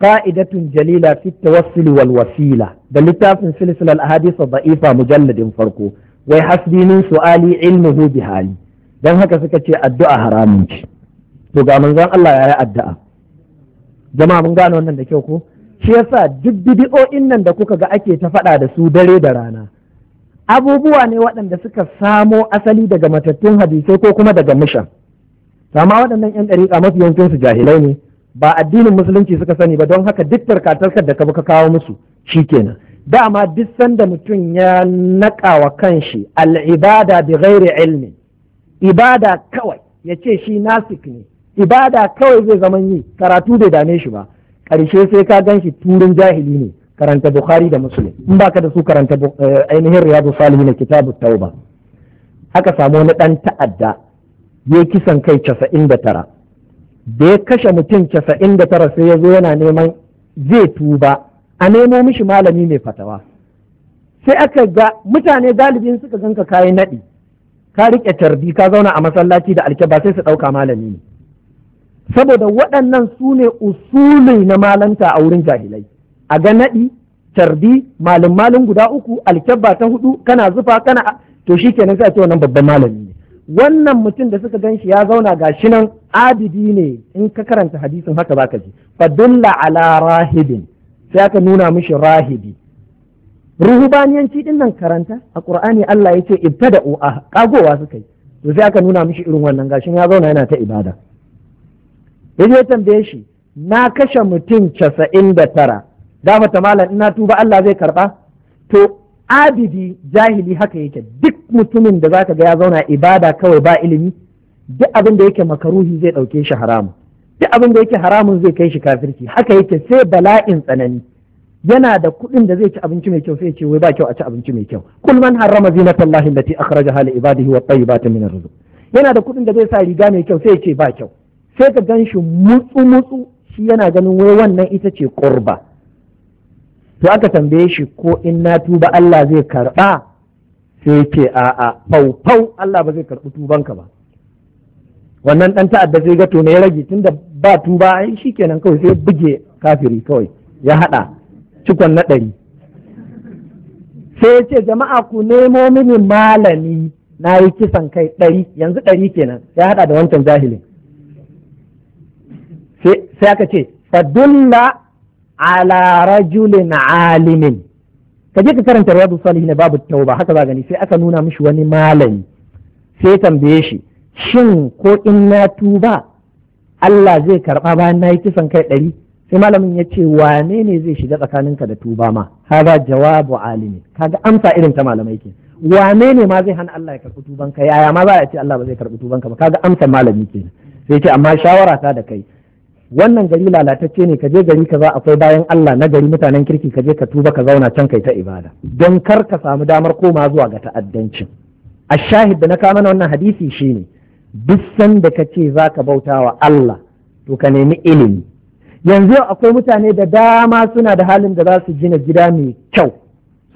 qa'idatun jalila fi tawassuli wal wasila da littafin silsilar ahadith da'ifa mujalladin farko wai hasbi min su'ali ilmuhu bi hali dan haka suka ce addu'a haramun ce to ga manzon Allah ya yi addu'a jama'a mun gane wannan da kyau ko shi yasa duk bidiyo'in nan da kuka ga ake ta faɗa da su dare da rana abubuwa ne waɗanda suka samo asali daga matattun hadisai ko kuma daga mushan amma waɗannan yan ɗariƙa mafi yawancin jahilai ne ba addinin musulunci suka sani ba don haka duk tarkatarkar da ka ka kawo musu shi kenan. dama duk sanda mutum ya naƙa wa kanshi al'ibada bi ghairi ilmi ibada kawai ya ce shi nasik ne ibada kawai zai zama yi karatu bai dame shi ba ƙarshe sai ka gan shi turin jahili ne karanta bukhari da musulun in ba ka da su karanta eh, ainihin riyadu na kitabu tauba aka samu wani ɗan ta'adda ya kisan kai casa'in da tara da ya kashe mutum casa'in da tara sai ya zo yana neman zai tuba a nemo mishi malami mai fatawa sai aka ga mutane galibin suka ganka kayan naɗi ka riƙe tarbi ka zauna a masallaci da ba sai su ɗauka malami ne saboda waɗannan su ne usuli na malanta a wurin jahilai a ga naɗi tarbi malin malin guda uku alkyabba ta hudu kana zufa kana to shi kenan sai a ce wannan babban malami ne wannan mutum da suka ganshi ya zauna ga shi nan abidi ne in ka karanta hadisin haka baka ji fadulla ala rahibin sai aka nuna mishi rahibi ruhubaniyanci din nan karanta a qur'ani Allah yace ibtada'u a ah, kagowa suka yi to sai aka nuna mishi irin wannan gashin ya zauna yana ta ibada yaje tambaye shi na kashe mutum casa'in da tara da bata malam ina tuba Allah zai karɓa. to abidi jahili haka yake duk mutumin da zaka ga ya zauna ibada kawai ba ilimi duk abin da yake makaruhi zai ɗauke shi haramun duk abin da yake haramun zai kai shi kafirci haka yake sai bala'in tsanani yana da kuɗin da zai ci abinci mai kyau sai ce wai ba kyau a ci abinci mai kyau kul man harrama zinatallahi allati akhrajaha li ibadihi wa tayyibati min rizq yana da kuɗin da zai sa riga mai kyau sai ce ba kyau sai ka gan shi mutsu mutsu shi yana ganin wai wannan ita ce qurba to aka tambaye shi ko in na tuba Allah zai karɓa sai ce a'a fau fau Allah ba zai karɓi tubanka ba wannan ɗan ta'adda sai ga to ne ya rage da ba tuba ai kenan kawai sai buge kafiri kawai ya haɗa cikon na ɗari sai ya ce jama'a ku nemo mini malami na yi kisan kai ɗari yanzu ɗari kenan ya haɗa da wancan jahilin sai aka ce fadulla ala rajulin alimin ka ka karanta riyadu na babu tauba haka za gani sai aka nuna mishi wani malami sai tambaye shi shin ko in na tuba Allah zai karba bayan na yi kisan kai ɗari sai malamin ya ce wane ne zai shiga tsakaninka da tuba ma haza jawabu alimi kaga amsa irin ta malamai ke wane ne ma zai hana Allah ya karɓi ka yaya ma za a ce Allah ba zai karɓi ka ba kaga amsa malami ke sai ce amma shawara ta da kai wannan gari lalatacce ne ka je gari ka za, akwai bayan Allah na gari mutanen kirki ka je ka tuba ka zauna can kai ta ibada don kar ka samu damar koma zuwa ga ta'addancin a shahid da na kama na wannan hadisi shine duk sanda ka ce za ka bauta wa Allah to ka nemi ilimi yanzu akwai mutane da dama suna da halin da za su gina gida mai kyau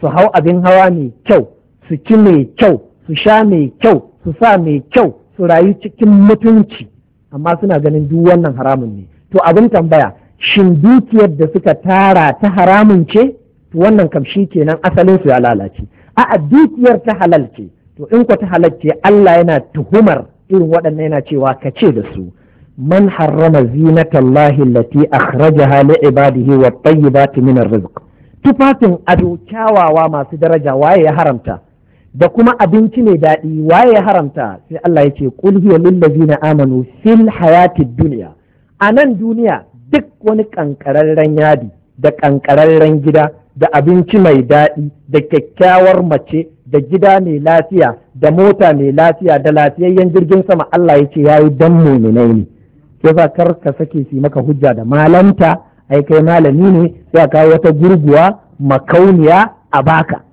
su hau abin hawa mai kyau su ci mai kyau su sha mai kyau su sa mai kyau su rayu cikin mutunci amma suna ganin duk wannan haramun ne to abin tambaya shin dukiyar da suka tara ta haramun ce to wannan kam shi kenan asalin su ya lalace a'a dukiyar ta halal ce to in ku ta halal ce Allah yana tuhumar irin waɗannan yana cewa ka ce da su man harrama zinatallahi allati akhrajaha li ibadihi wat tayyibati min rizq tufafin ado kyawawa masu daraja waye ya haramta da kuma abinci mai daɗi waye ya haramta sai Allah ya ce qul hiya lil amanu fil hayati dunya a nan duniya duk wani ƙanƙararren yadi da ƙanƙararren gida da abinci mai daɗi da kyakkyawar mace da gida mai lafiya da mota mai lafiya da lafiyayyen jirgin sama Allah ya ce ya yi don muminai ne yasa kar ka sake su maka hujja da malanta ai kai malami ne sai ka wata gurguwa makauniya a baka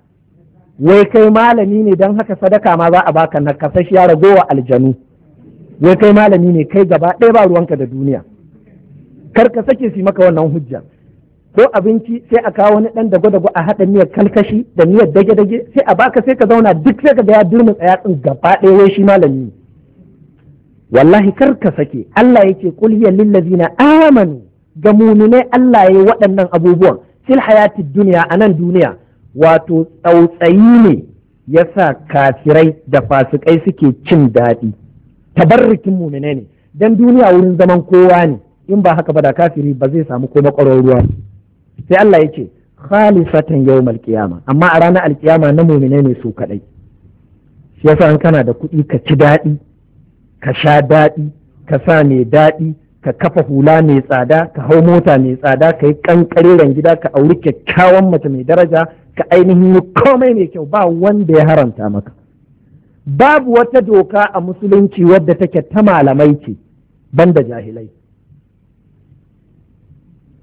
wai kai malami ne don haka sadaka ma za a baka na kasashiya ragowa aljanu wai kai malami ne kai gaba ɗaya ba ruwanka da duniya kar ka sake su maka wannan hujja ko abinci sai a kawo wani dan dago-dago a haɗa miyar kalkashi da miyar dage-dage sai a baka sai ka zauna duk sai ka ga ya durmi tsayatsin gaba ɗaya wai shi malami wallahi kar ka sake Allah yake qul ya lillazina amanu ga muminai Allah ya waɗannan abubuwan fil hayati duniya anan duniya wato tsautsayi ne yasa kafirai da fasikai suke cin daɗi tabarrukin muminai ne dan duniya wurin zaman kowa ne in ba haka ba da kafiri ba zai samu ko makwarar ruwa sai Allah ya ce khalisatan yau qiyama amma a ranar alkiyama na mu'mine ne su kaɗai. shi yasa in kana da kuɗi ka ci daɗi ka sha daɗi ka sa mai daɗi ka kafa hula mai tsada ka hau mota mai tsada ka yi kankareren gida ka auri kyakkyawan mace mai daraja ka ainihin yi komai mai kyau ba wanda ya haranta maka babu wata doka a musulunci wadda take ta malamai ce banda jahilai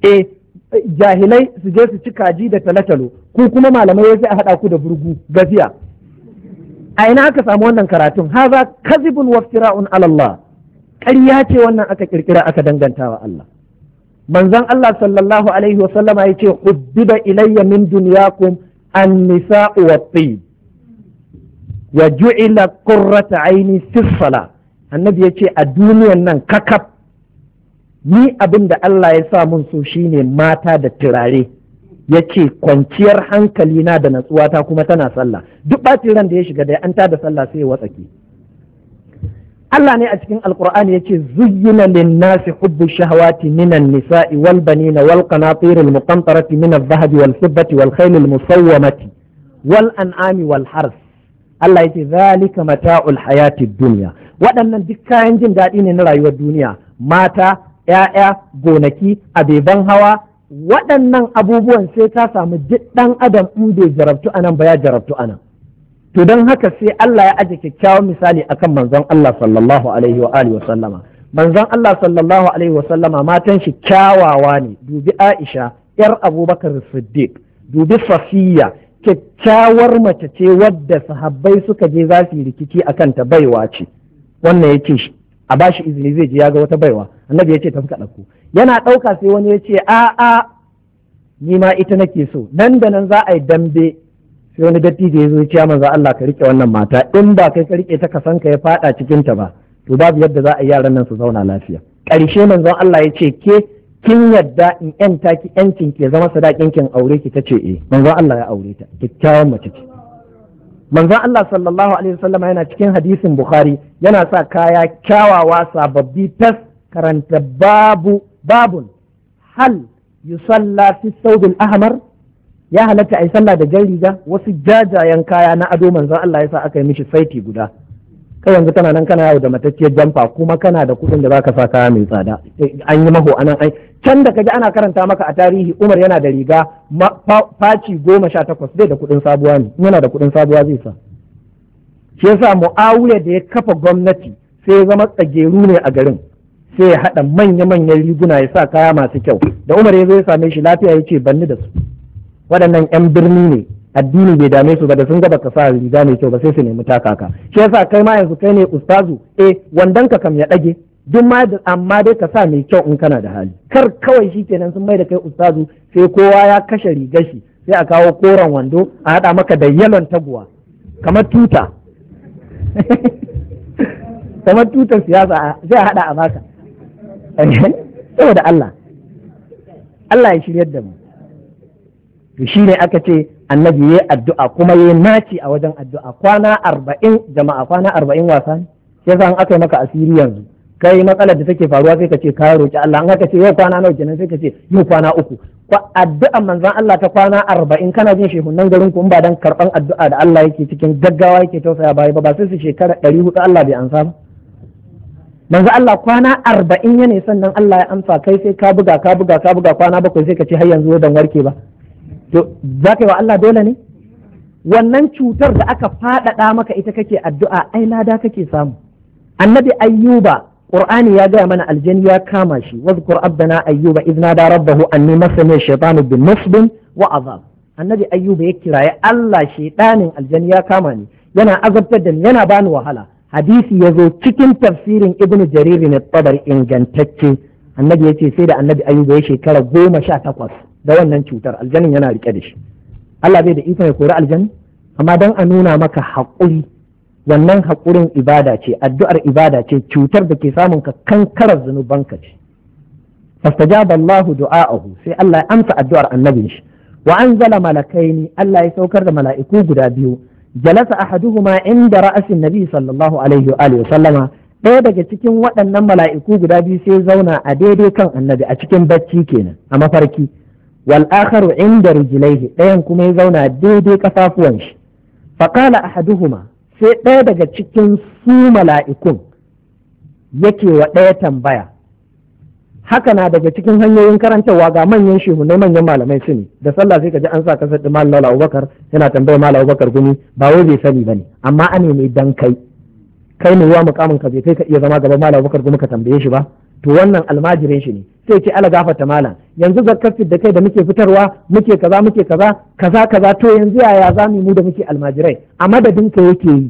E jahilai su je su ci kaji da talatalo ku kuma malamai sai a haɗa ku da burgu gaziya a ina aka samu wannan karatun za kazibun waftira'un alallah ƙarya ce wannan aka kirkira aka danganta wa Allah manzon Allah sallallahu alaihi wa sallama yace ubbiba ilayya min dunyakum an-nisa'u wat wa ju'ila qurratu aini fi annabi yace a duniyan nan kakaf ni abin da Allah ya sa mun so shine mata da turare ya ce kwanciyar hankali na da natsuwata kuma tana sallah duk ɓacin ran da ya shiga da an da sallah sai ya watsake Allah ne a cikin alkur'ani ya ce zuyyina linnasi hubbu shahawati minan nisa'i wal banina wal qanatir al muqantarati min adh wal fiddati wal khayl al musawwamati wal an'ami wal hars Allah ya ce zalika mata'ul hayati dunya waɗannan duk kayan jin daɗi ne na rayuwar duniya mata 'ya'ya gonaki abeban hawa waɗannan abubuwan sai ta samu duk ɗan adam in bai jarabtu anan ba ya jarabtu anan to don haka sai Allah ya aje kyakkyawan misali akan manzon Allah sallallahu alaihi wa alihi wa sallama manzon Allah sallallahu alaihi wa sallama matan shi kyawawa ne dubi Aisha yar Abubakar Siddiq dubi Safiya kyakkyawar mace ce wadda sahabbai suka je za su yi rikici akan ta baiwa ce wannan yake a shi izini zai je ya ga wata baiwa annabi ya ce tafi ka ɗauko yana ɗauka sai wani ya ce a a ni ma ita nake so nan da nan za a yi dambe sai wani dattijo ya zo ya ce manzo Allah ka rike wannan mata in ba kai ka rike ta ka san ka ya faɗa cikin ta ba to babu yadda za a yi yaran nan su zauna lafiya ƙarshe manzon Allah ya ce ke kin yadda in yanta ki yancin ki zama sadakin kin aure ki tace eh zan Allah ya aure ta kikkiawan mace ce manzon Allah sallallahu alaihi wasallam yana cikin hadisin Bukhari yana sa kaya kyawawa sababbi tas karanta babu babun hal yusalla fi saudul ahmar ya halatta ai sallah da jan riga wasu jajayen kaya na ado manzon Allah yasa aka yi mishi saiti guda kai yanzu kana nan kana yawo da matacciyar jamfa kuma kana da kuɗin da zaka sa kaya mai tsada eh, an yi maho anan ai can da kaji ana karanta maka a tarihi Umar yana da riga faci goma sha takwas zai da kuɗin sabuwa ne yana da kuɗin sabuwa zai sa shi yasa Muawiya da ya kafa gwamnati sai ya zama tsageru ne a garin sai ya haɗa manya-manyan riguna ya sa kaya masu kyau da Umar ya zo ya same shi lafiya ya ce banni da su waɗannan 'yan birni ne addini bai dame su ba da sun gaba ka sa riga mai kyau ba sai su nemi takaka shi yasa kai ma yanzu kai ne ustazu eh wandan ka kam ya dage duk ma amma dai ka sa mai kyau in kana da hali kar kawai shi kenan sun mai da kai ustazu sai kowa ya kashe rigar shi sai a kawo koran wando a haɗa maka da yalon taguwa kamar tuta *laughs* kamar tutar siyasa sai a haɗa a baka eh, saboda Allah Allah ya shiryar da mu to shi ne aka ce annabi ya addu'a kuma ya naci a wajen addu'a kwana arba'in jama'a kwana arba'in wasa ne sai an aka yi maka asiri yanzu kai matsalar da take faruwa sai ka ce ka roƙi Allah an aka ce yau kwana nawa kenan sai ka ce yau kwana uku kwa addu'a manzon Allah ta kwana arba'in kana jin shekunan garin ku in ba dan karban addu'a da Allah yake cikin gaggawa yake tausaya bai ba ba sai su shekara ɗari hudu Allah bai ansa ba manzo Allah kwana arba'in ya ne sannan Allah ya amsa kai sai ka buga ka buga ka buga kwana bakwai sai ka ce har yanzu dan warke ba to za ka yi wa Allah dole ne wannan cutar da aka faɗaɗa maka ita kake addu'a ai lada kake samu annabi ayyuba ƙur'ani ya gaya mana aljani ya kama shi wadhkur abdana ayyuba idna da rabbahu anni masani shaytanu bin nasbin wa azab annabi ayyuba ya kiraye Allah shaytanin aljani ya kama ni yana azabtar da ni yana bani wahala hadisi ya zo cikin tafsirin ibn jarir ne tabar ingantacce annabi ya ce sai da annabi ayyuba ya shekara goma sha takwas da wannan cutar aljanin yana rike da shi Allah bai da ikon ya kori aljani amma dan a nuna maka haƙuri wannan haƙurin ibada ce addu'ar ibada ce cutar da ke samun ka kankarar zunubanka ce fastajaba Allahu du'a'ahu sai Allah ya amsa addu'ar annabin shi wa anzala malakaini Allah ya saukar da mala'iku guda biyu jalasa ahaduhuma inda ra'asin nabi sallallahu alaihi wa alihi sallama ɗaya daga cikin waɗannan mala'iku guda biyu sai zauna a daidai kan annabi a cikin bacci kenan a mafarki wal akharu inda rijlaihi ɗayan kuma ya zauna daidai kafafuwan shi faqala ahaduhuma sai ɗaya daga cikin su mala'ikun yake wa ɗaya tambaya haka na daga cikin hanyoyin karantarwa ga manyan shehunai manyan malamai su ne da sallah sai ka ji an sa kasar da malam laula abubakar yana tambayar malam abubakar gumi ba wai bai sani bane amma an ne dan kai kai ne wa mukamin ka zai kai ka iya zama gaban malam abubakar gumi ka tambaye shi ba to wannan almajirin shi ne sai ce ala gafarta malam yanzu zakar da kai da muke fitarwa muke kaza muke kaza kaza kaza to yanzu yaya za mu da muke almajirai a madadin ka yake yi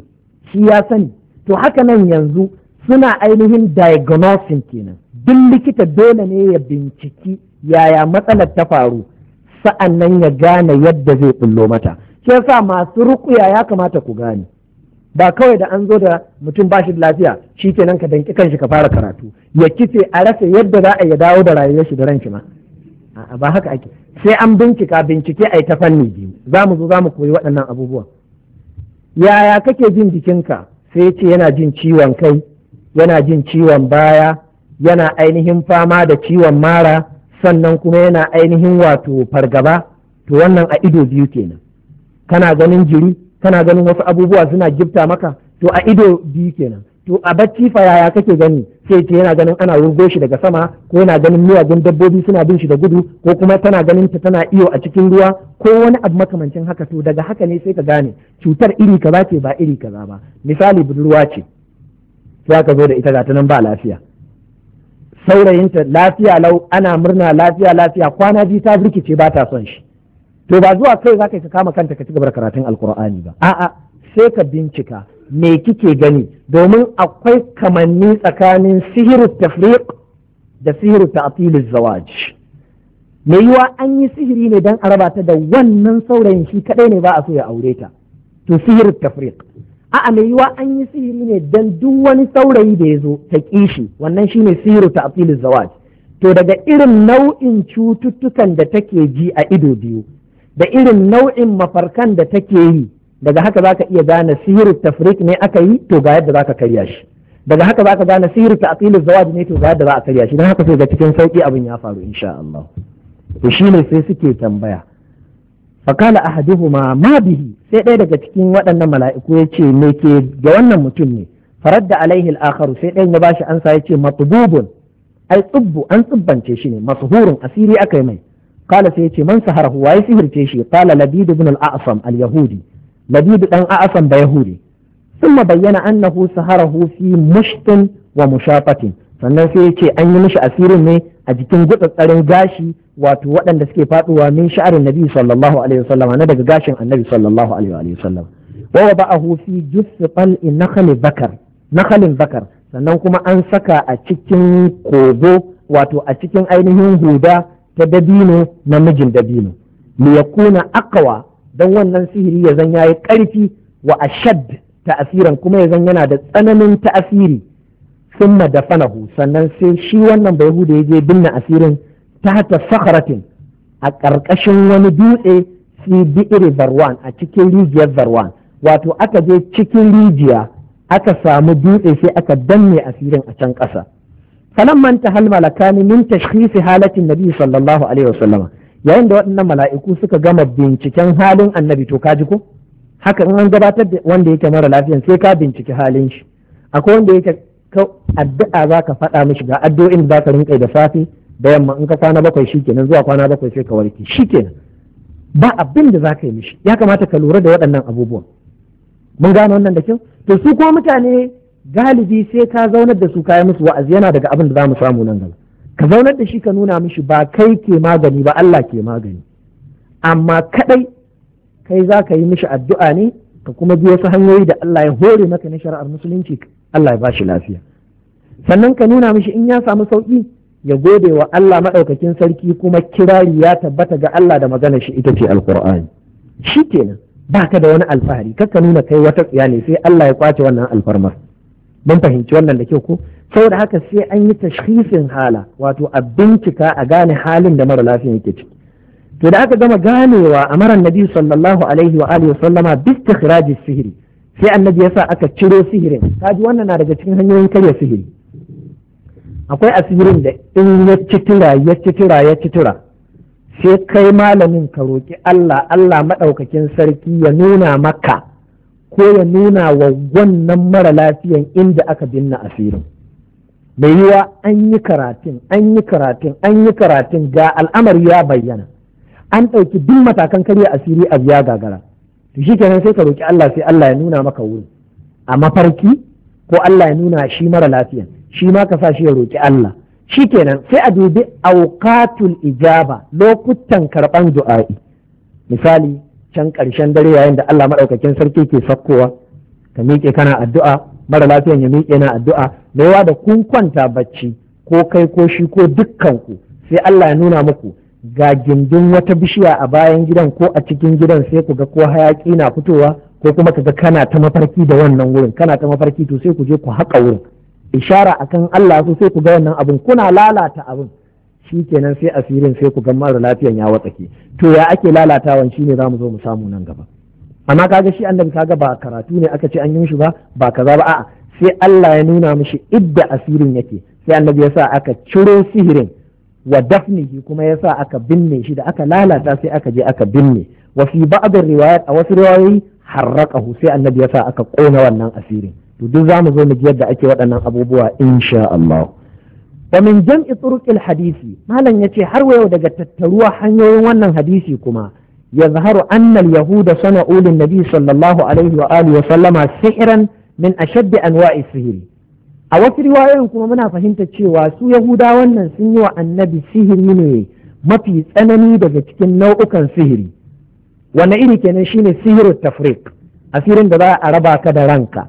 shi ya sani to haka nan yanzu suna ainihin diagnosing kenan duk likita dole ne ya binciki yaya matsalar ta faru sa'an nan ya gane yadda zai bullo mata shi yasa masu rukuya ya kamata ku gane ba kawai da an zo da mutum ba shi da lafiya shi ke nan ka danki kanshi ka fara karatu ya kice a rasa yadda za a ya dawo da rayuwar shi da ran shi ma ba haka ake sai an bincika bincike a ta fanni biyu za mu zo za mu koyi waɗannan abubuwa yaya kake jin jikinka sai ce yana jin ciwon kai yana jin ciwon baya yana ainihin fama da ciwon mara sannan kuma yana ainihin wato fargaba to wannan a ido biyu kenan kana ganin jiri kana ganin wasu abubuwa suna gifta maka to a ido biyu kenan to a bacci fa yaya kake gani sai ce yana ganin ana wurgo shi daga sama ko yana ganin miyagun dabbobi suna bin shi da gudu ko kuma tana ganin ta tana iyo a cikin ruwa ko wani abu makamancin haka to daga haka ne sai ka gane cutar iri kaza ce ba iri kaza ba misali budurwa ce za ka zo da ita ta nan ba lafiya saurayinta lafiya lau ana murna lafiya lafiya kwana biyu ta birkice ba ta son shi to ba zuwa kai za ka ka kama kanta ka ci gaba da karatun alkur'ani ba a'a sai ka bincika me kike gani domin akwai kamanni tsakanin sihiru tafriq da sihiru ta'til zawaj me yiwa an yi sihiri ne dan a raba ta da wannan saurayin shi kadai ne ba a so ya aure ta to sihiru tafriq a'a me yiwa an yi sihiri ne dan duk wani saurayi da ya zo ta kishi wannan shine sihiru ta'til zawaj to daga irin nau'in cututtukan da take ji a ido biyu da irin nau'in mafarkan da take yi daga haka zaka iya gane sihir tafrik ne aka yi to ga yadda zaka karya shi daga haka zaka gane sihir ta'til zawaj ne to ga yadda za a karya shi dan haka sai ga cikin sauki abin ya faru insha Allah to shine sai suke tambaya fakala ahaduhuma ma bihi sai ɗaya daga cikin waɗannan mala'iku ya ce me ke ga wannan mutum ne faradda alaihi al-akharu sai ɗayan ya bashi ansa ya ce matububun ai tsubbu an tsubbance shi ne masuhurun asiri aka yi mai qala sai yace man saharahu waye sihirce shi qala labid ibn al-a'sam al-yahudi labid ɗan a'sam da yahudi thumma bayyana annahu saharahu fi mushtin wa mushafatin sannan sai yace an yi mishi asirin ne a jikin gutsatsarin gashi wato waɗanda suke faduwa min sha'arin nabi sallallahu alaihi daga gashin annabi sallallahu alaihi wasallam wa wada'ahu fi juss bakar nakhalin bakar sannan kuma an saka a cikin kogo wato a cikin ainihin huda ta dabino namijin dabino ya kuna aqwa don wannan sihiri ya zan yayi karfi wa ashad ta'asiran kuma ya zan yana da tsananin ta'asiri summa dafanahu sannan sai shi wannan bai ya je binne asirin tahta sakaratin a ƙarƙashin wani dutse fi bi'ir zarwan a cikin rijiyar zarwan wato aka je cikin rijiya aka samu dutse sai aka danne asirin a can ƙasa فلما انتهى الملكان من تشخيص حالة النبي صلى الله عليه وسلم yayin da waɗannan mala'iku suka gama binciken halin annabi to ka ji ko haka in an gabatar da wanda yake mara lafiyan sai ka binciki halin shi akwai wanda yake addu'a za ka faɗa mishi ga addu'o'in da za ka rinƙa da safe da yamma in ka kwana bakwai shikenan zuwa kwana bakwai sai ka warke shikenan ba abin da za ka yi mishi ya kamata ka lura da waɗannan abubuwan mun gane wannan da kyau to su kuma mutane galibi sai ka zaunar da su kayi musu wa'azi yana daga abin da za mu samu nan gaba ka zaunar da shi ka nuna mishi ba kai ke magani ba Allah ke magani amma kaɗai kai za ka yi mishi addu'a ne ka kuma bi wasu hanyoyi da Allah ya hore maka na shari'ar musulunci Allah ya bashi lafiya sannan ka nuna mishi in ya samu sauki ya gode wa Allah maɗaukakin sarki kuma kirari ya tabbata ga Allah da magana shi ita ce alkur'ani shi kenan baka da wani alfahari kakka nuna kai wata tsiya ne sai Allah ya kwace wannan alfarmar mun fahimci wannan da kyau ko saboda haka sai an yi tashhisin hala wato a bincika a gane halin da mara lafiya yake ciki to da aka gama ganewa a maran nabi sallallahu alaihi wa alihi sallama bi sihiri sai annabi yasa aka ciro sihirin kaji wannan na daga cikin hanyoyin karya sihiri akwai asirin da in ya citira ya citira ya citira sai kai malamin ka roki Allah Allah madaukakin sarki ya nuna maka ko ya nuna wa wannan mara lafiyan inda aka binne asirin mai yiwa an yi karatun an yi karatun an yi karatun ga al'amari ya bayyana an ɗauki duk matakan karya asiri a biya gagara to shikenan sai ka roki Allah sai Allah ya nuna maka wuri a mafarki ko Allah ya nuna shi mara lafiyan shi ma ka sa shi ya roki Allah shikenan sai a dubi auqatul ijaba lokutan karban du'a'i misali can ƙarshen dare yayin da Allah maɗaukakin sarki ke sakkowa ka miƙe kana addu'a mara lafiyan ya miƙe na addu'a da da kun kwanta bacci ko kai ko shi ko dukkanku sai Allah ya nuna muku ga gindin wata bishiya a bayan gidan ko a cikin gidan sai ku ga ko hayaƙi na fitowa ko kuma ka ga kana ta mafarki da wannan wurin kana ta mafarki to sai ku je ku haƙa wurin ishara akan Allah so sai ku ga wannan abin kuna lalata abin shi kenan sai asirin sai ku gan mara lafiyan ya watsake to ya ake lalatawan ne za mu zo mu samu nan gaba amma kaga shi annabi kaga ba karatu ne aka ce an yi shi ba ba kaza ba a'a sai Allah ya nuna mishi idda asirin yake sai annabi ya sa aka ciro sihirin wa dafnihi kuma ya sa aka binne shi da aka lalata sai aka je aka binne wa fi ba'd riwayat a wasu riwayoyi harraqahu sai annabi ya sa aka kona wannan asirin to duk zamu zo mu ji yadda ake waɗannan abubuwa insha Allah wa min jam'i turuqil hadisi malam yace har yau daga tattaruwa hanyoyin wannan hadisi kuma yazharu anna al yahuda sana'u lin nabi sallallahu alaihi wa alihi wa sallama sihran min ashadd anwa'i sihiri a wasu riwayoyin kuma muna fahimta cewa su yahuda wannan sun yi wa annabi sihiri ne mafi tsanani daga cikin nau'ukan sihiri wannan iri kenan shine sihiru tafriq asirin da za a raba ka da ranka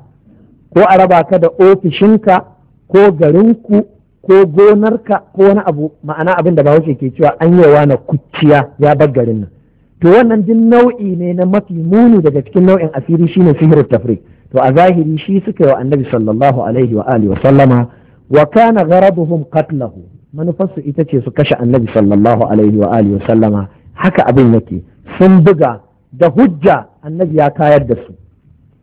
ko a raba ka da ofishinka ko garinku ko gonarka ko wani abu ma'ana abin da bahaushe ke cewa an yawa na kuciya ya bar garin nan to wannan duk nau'i ne na mafi muni daga cikin nau'in asiri shine sihir tafriq to a zahiri shi suka yi wa annabi sallallahu alaihi wa alihi wa sallama wa kana gharaduhum manufar manufarsu ita ce su kashe annabi sallallahu alaihi wa alihi wa sallama haka abin yake sun buga da hujja annabi ya kayar da su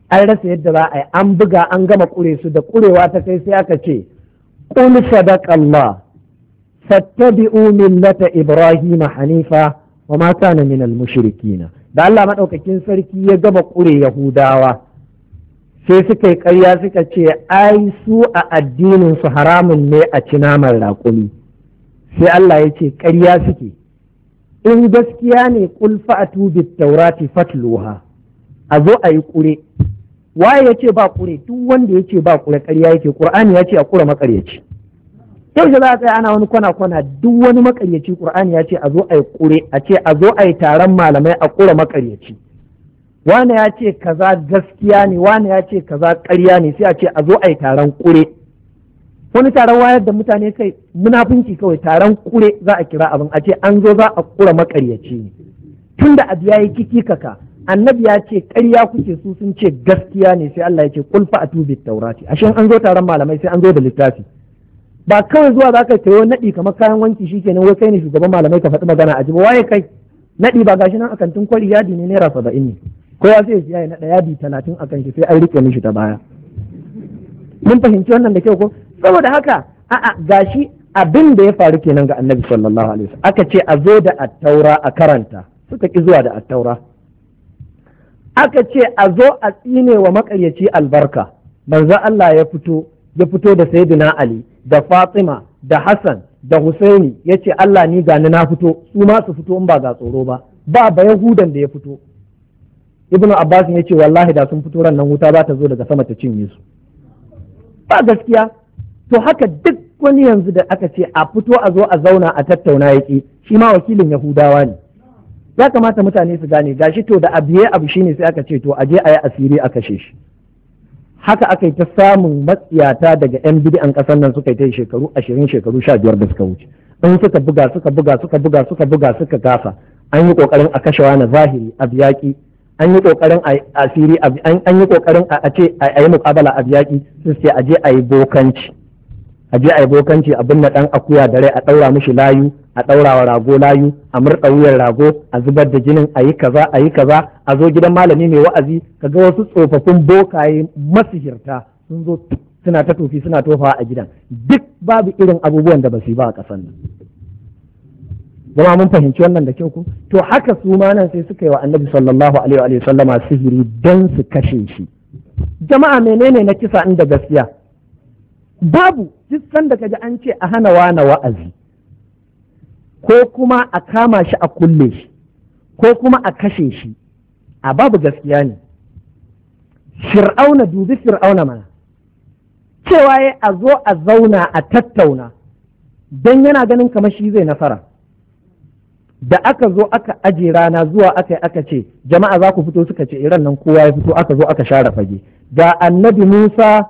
an rasa yadda za a yi an buga an gama kure su da kurewa ta kai sai aka ce قل صدق الله فاتبعوا ملة إبراهيم حنيفا وما كان من المشركين da Allah maɗaukakin sarki ya gama ƙure Yahudawa sai suka yi ƙarya suka ce ai su a addinin su haramun ne a ci naman raƙumi sai Allah ya ce ƙarya suke in gaskiya ne kul a bit taurati fatluha a zo a yi ƙure waye ya ce ba kure duk wanda ya ce ba kure ƙarya yake Ƙur'ani ya ce a kura makaryaci yau za a tsaya ana wani kwana kwana duk wani makaryaci Ƙur'ani ya ce a zo a yi kure a ce a zo a yi taron malamai a kura makaryaci wane ya ce kaza gaskiya ne wane ya ce kaza ƙarya ne sai a ce a zo a yi taron kure wani taron wayar da mutane kai munafunci kawai taron kure za a kira abin a ce an zo za a kura makaryaci ne tunda abu kiki kikikaka annabi ya ce ƙarya kuke su sun ce gaskiya ne sai Allah ya ce qul fa atubi taurati ashe an zo taron malamai sai an zo da littafi ba kawai zuwa za ka kayo naɗi kamar kayan wanki shi kenan wai kai ne shugaban malamai ka faɗi magana a ji waye kai naɗi ba gashi nan a kantin kwari yadi ne naira saba'in ne kowa ya siya ya naɗa yadi talatin a kan shi sai an riƙe mishi ta baya mun fahimci wannan da kyau ko saboda haka a'a gashi abin da ya faru kenan ga annabi sallallahu alaihi wasallam aka ce a zo da attaura a karanta suka ki zuwa da attaura aka ce a zo a tsine wa maƙaryaci albarka manzo Allah ya fito ya fito da sayyidina Ali da Fatima da Hassan da Husaini ya ce Allah ni gani na fito su ma fito in ba ga tsoro ba ba ba Yahudan da ya fito Ibn Abbas ya ce wallahi da sun fito ran nan wuta ba ta zo daga sama ta cinye su ba gaskiya to haka duk wani yanzu da aka ce a fito a zo a zauna a tattauna yaƙi shi ma wakilin Yahudawa ne ya kamata mutane su gane gashi to da abiye abu shine sai aka ce to aje a yi asiri aka kashe shi haka aka yi ta samun matsiyata daga yan an kasar nan suka yi ta shekaru ashirin shekaru sha biyar da suka wuce in suka buga suka buga suka buga suka buga suka gafa an yi kokarin a kashe wani zahiri a biyaki an yi kokarin a asiri an yi kokarin a ce a yi muqabala a biyaki sai sai aje a yi bokanci aje a yi bokanci abin na dan akuya dare a daura mishi layu a ɗaurawa rago layu a murɗa wuyar rago a zubar da jinin a yi kaza a yi kaza a zo gidan malami mai wa'azi kaga wasu tsofaffin bokaye masihirta sun zo suna ta tofi suna tofawa a gidan duk babu irin abubuwan da ba su yi ba a ƙasan nan zama mun fahimci wannan da kyau ko to haka su ma nan sai suka yi wa annabi sallallahu alaihi wa sallama sihiri don su kashe shi jama'a menene na kisa inda gaskiya babu duk sanda kaji an ce a hana wa na wa'azi ko kuma a kama shi a kulle shi ko kuma a kashe shi a babu gaskiya ne Shir'auna dubi shir'auna mana cewa ya a zo a zauna a tattauna don yana ganin kamar shi zai nasara da aka zo aka aje rana zuwa aka aka ce jama'a za ku fito suka ce iran nan kowa ya fito aka zo aka share fage ga annabi musa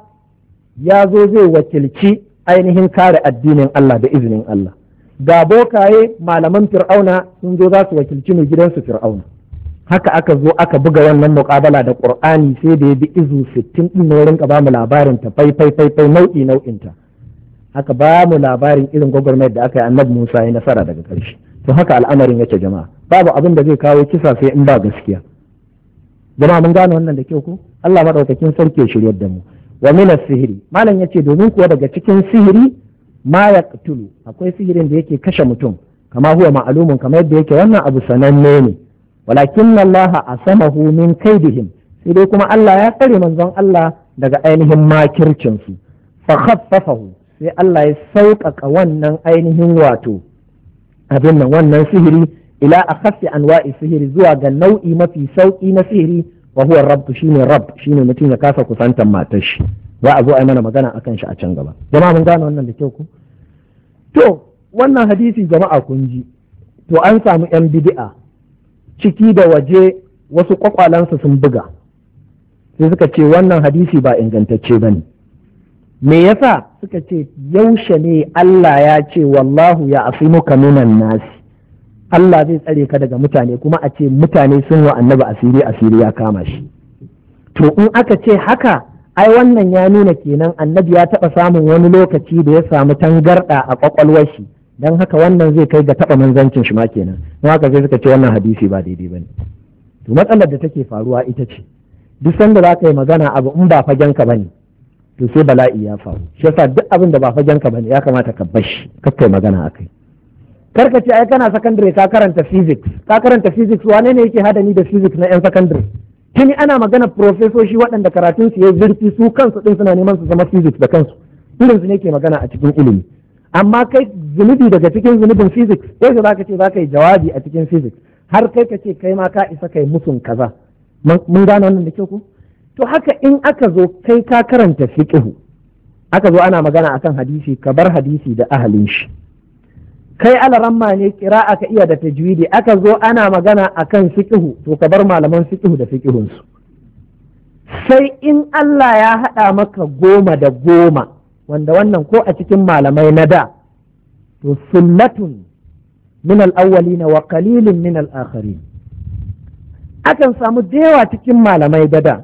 ya zo zai wakilci ainihin kare addinin allah da izinin allah ga bokaye malaman fir'auna sun zo za su wakilci mai gidansu fir'auna haka aka zo aka buga wannan muƙabala da ƙur'ani sai da ya bi izu sittin ɗin na ka ba mu labarin ta fai fai fai fai nau'i nau'in ta aka ba mu labarin irin gwagwarmayar da aka yi annabi Musa ya nasara daga ƙarshe to haka al'amarin yake jama'a babu abin da zai kawo kisa sai in ba gaskiya jama'a mun gane wannan da kyau ko Allah madaukakin sarki ya shiryar da mu wa min sihiri malam ya ce domin kuwa daga cikin sihiri ma tulu akwai sihirin da yake kashe mutum kama huwa ma'lumun kamar yadda yake wannan abu sananne ne walakin laha a sama min kaidihim sai dai kuma Allah ya tsare manzon Allah daga ainihin makircinsu. su fa khaffafahu sai Allah ya sauƙaƙa wannan ainihin wato abin nan wannan sihiri ila a akhaffi anwa'i sihiri zuwa ga nau'i mafi sauƙi na sihiri wa huwa rabb shine rabb shine mutum ya kasa kusantar matar shi za a zo a yi mana magana kan shi a can gaba jama'a mun gane wannan da kyau ku to wannan hadisi jama'a kun ji to an samu yan bid'a ciki da waje wasu kwakwalansa sun buga sai suka ce wannan hadisi ba ingantacce ne. me yasa suka ce yaushe ne Allah ya ce wallahu ya asimuka minan nasi Allah zai tsare ka daga mutane kuma a ce mutane sun wa annabi asiri asiri ya kama shi to in aka ce haka ai wannan ya nuna kenan annabi ya taɓa samun wani lokaci da ya samu tangarɗa a ƙwaƙwalwar shi don haka wannan zai kai ga taɓa manzancin shi ma kenan don haka sai suka ce wannan hadisi ba daidai ba ne to matsalar da take faruwa ita ce duk sanda za ka yi magana abu in ba fagenka ba ne to sai bala'i ya faru shi yasa duk abin da ba fagenka ba ne ya kamata ka bar shi kai magana a kai kar ka ce ai kana sakandare ka karanta physics ka karanta physics wane ne yake hadani da physics na yan sakandare tuni ana magana profesoshi waɗanda karatun ya zurfi su kansu ɗin suna neman su zama physics da kansu irin su ne ke magana a cikin ilimi amma kai zunubi daga cikin zunubin physics ko za ka ce za ka yi jawabi a cikin physics har kai ka ce kai ma ka isa kai musun kaza mun gane wannan da kyau ku to haka in aka zo kai ka karanta fiqhu aka zo ana magana akan hadisi ka bar hadisi da ahalin shi kai alaramma ne kira ka iya da tajwidi aka zo ana magana akan fikihu, to ka bar malaman fiqhu da fiqhunsu sai in Allah ya haɗa maka goma da goma wanda wannan ko a cikin malamai na da to sullatun min al na wa qalilun min akan samu dewa cikin malamai da da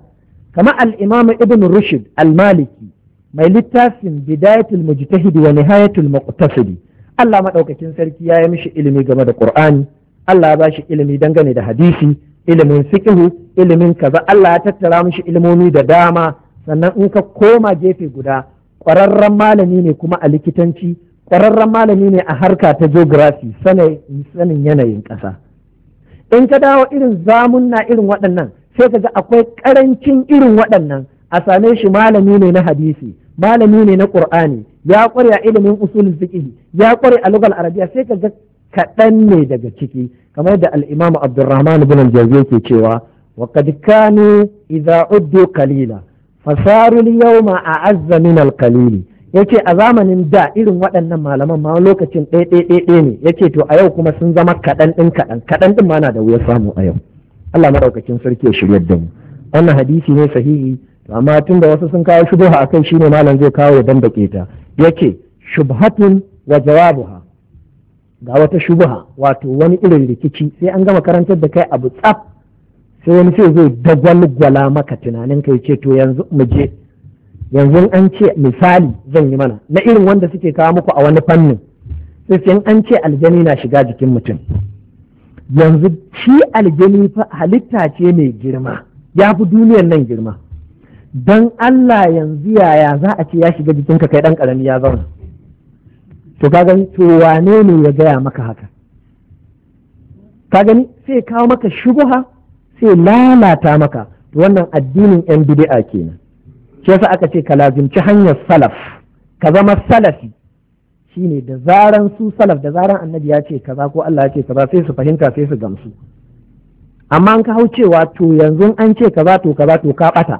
kamar al ibn rushid al-maliki mai littafin bidayatul Mujtahidi, wa nihayatul muqtasid Allah maɗaukakin sarki ya yi mishi ilimi game da ƙur'ani. Allah ya ba shi ilimi dangane da hadisi ilimin fiqhu ilimin kaza Allah ya tattara mishi ilimomi da dama sannan in ka koma gefe guda ƙwararren malami ne kuma a likitanci ƙwararren malami ne a harka ta geography sanin yanayin ƙasa in ka dawo irin zamunna irin waɗannan sai ka ga akwai ƙarancin irin waɗannan a same shi malami ne na hadisi malami ne na ƙur'ani ya kware a ilimin usulin fiqh ya kware a lugal arabiya sai ka ga kaɗan ne daga ciki kamar da al-imam abdurrahman ibn al-jawzi yake cewa wa qad kanu idza uddu qalila fasaru al-yawma a'azza min al-qalil yace a zamanin da irin waɗannan malaman ma lokacin ɗaya ne yace to a yau kuma sun zama kaɗan ɗin kaɗan kaɗan ɗin ma na da wuya samu a yau Allah maɗaukacin sarki ya shiryar da mu wannan hadisi ne sahihi amma tun da wasu sun kawo shubuha kai shine malam zai kawo ya dambake ta Yake shubhatun wa jawabuha ga wata shubha wato wani irin rikici sai an gama karantar da kai abu tsaf sai wani sai zai dagwalgwala maka tunanin kai ce to yanzu mu je yanzu an ce misali zan yi mana na irin wanda suke kawo muku a wani fannin sai an ce aljani na shiga jikin mutum yanzu shi aljani halitta ce mai girma ya fi duniyar nan girma don Allah yanzu yaya za a ce ya shiga jikinka kai ɗan ƙarami ya zauna to ka gani to wane ne ya gaya maka haka ka gani sai kawo maka shubuha sai lalata maka wannan addinin yan bid'a kenan shi yasa aka ce ka lazimci hanyar salaf ka zama salafi shine da zaran su salaf da zaran annabi ya ce kaza ko Allah ya ce kaza sai su fahimta sai su gamsu amma an ka hau cewa to yanzu an ce kaza to kaza to ka ɓata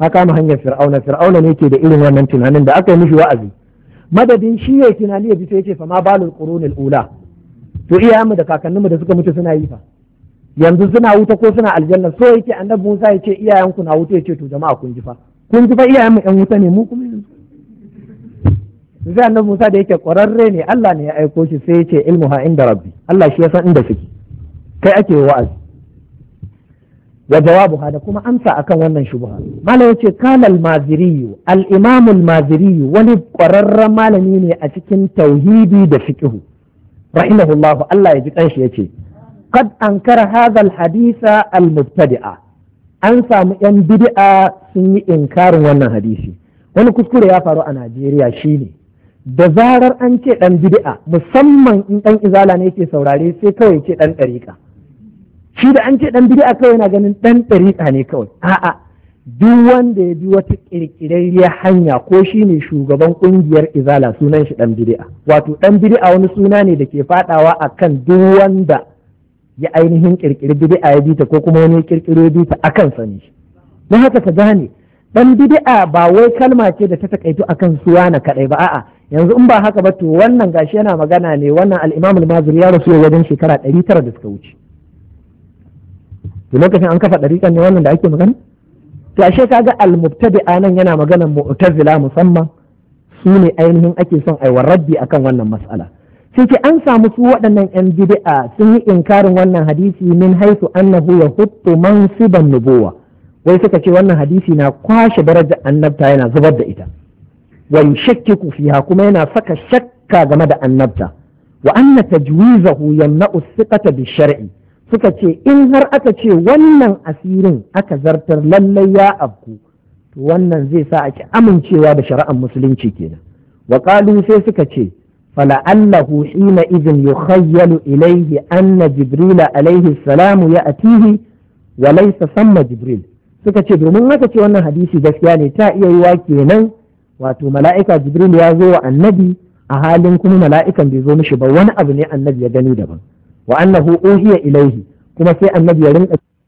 ka kama hanyar fir'auna fir'auna ne ke da irin wannan tunanin da aka yi mishi wa'azi madadin shi ya tunani ya ji sai ce fa ma balul qurunil ula to iyayenmu da kakanninmu da suka mutu suna yi fa yanzu suna wuta ko suna aljanna so yake annabi Musa ya ce iyayenku na wuta ya ce to jama'a kun ji fa kun ji fa iyayenmu yan wuta ne mu kuma yanzu sai annabi Musa da yake kwararre ne Allah ne ya aiko shi sai ya ce ilmuha inda rabbi Allah shi ya san inda suke kai ake wa'azi wa jawabuha da kuma amsa akan wannan shubha Mallam yace Kalal al al imamul al wani ƙwararren malami ne a cikin tauhidi da fiqh rahimahullahu Allah ya ji kanshi yace qad ankara hadha al-haditha al-mubtadi'a an samu yan bid'a sun yi inkarin wannan hadisi wani kuskure ya faru a Najeriya shi ne. da zarar an ɗan dan musamman in ɗan izala ne yake saurare sai kawai ce ɗan ɗarika. shi da an ce dan bid'a kawai yana ganin ɗan ɗariƙa ne kawai a'a duk wanda ya bi wata ƙirƙirarriyar hanya ko shi ne shugaban ƙungiyar izala sunan shi ɗan bid'a wato ɗan bid'a wani suna ne da ke faɗawa akan duk wanda ya ainihin ƙirƙiri bid'a ya bi ta ko kuma wani ƙirƙiro ya bi ta akan sani shi haka ka gane ɗan bid'a ba wai kalma ce da ta takaitu akan na kaɗai ba a'a yanzu in ba haka ba to wannan gashi yana magana ne wannan al-Imam maziri ya rasu wajen shekara ɗari tara da suka wuce to lokacin an kafa ɗariƙan ne wannan da ake magana to ashe kaga al-mubtadi'a nan yana maganar mu'tazila musamman su ne ainihin ake son aiwar rabbi akan wannan mas'ala sai ce an samu su waɗannan yan bid'a sun yi inkarin wannan hadisi min haisu annahu yahuttu mansiban nubuwa wai suka ce wannan hadisi na kwashe daraja annabta yana zubar da ita wa yushakkiku fiha kuma yana saka shakka game da annabta wa anna tajwizahu yamna'u thiqata bi shar'i suka ce in har aka ce wannan asirin aka zartar lallai ya afku to wannan zai sa ake amincewa da shari'ar musulunci kenan wa sai suka ce فلعله حينئذ يخيل إليه أن جبريل ya atihi يأتيه وليس ثم Jibril. suka ce domin aka ce wannan hadisi gaskiya ne ta iya yiwa kenan wato mala'ika jibril ya zo wa annabi a halin kuma mala'ikan bai zo mishi ba wani abu ne annabi ya gani daban wa annahu uhiya ilaihi kuma sai annabi ya rinka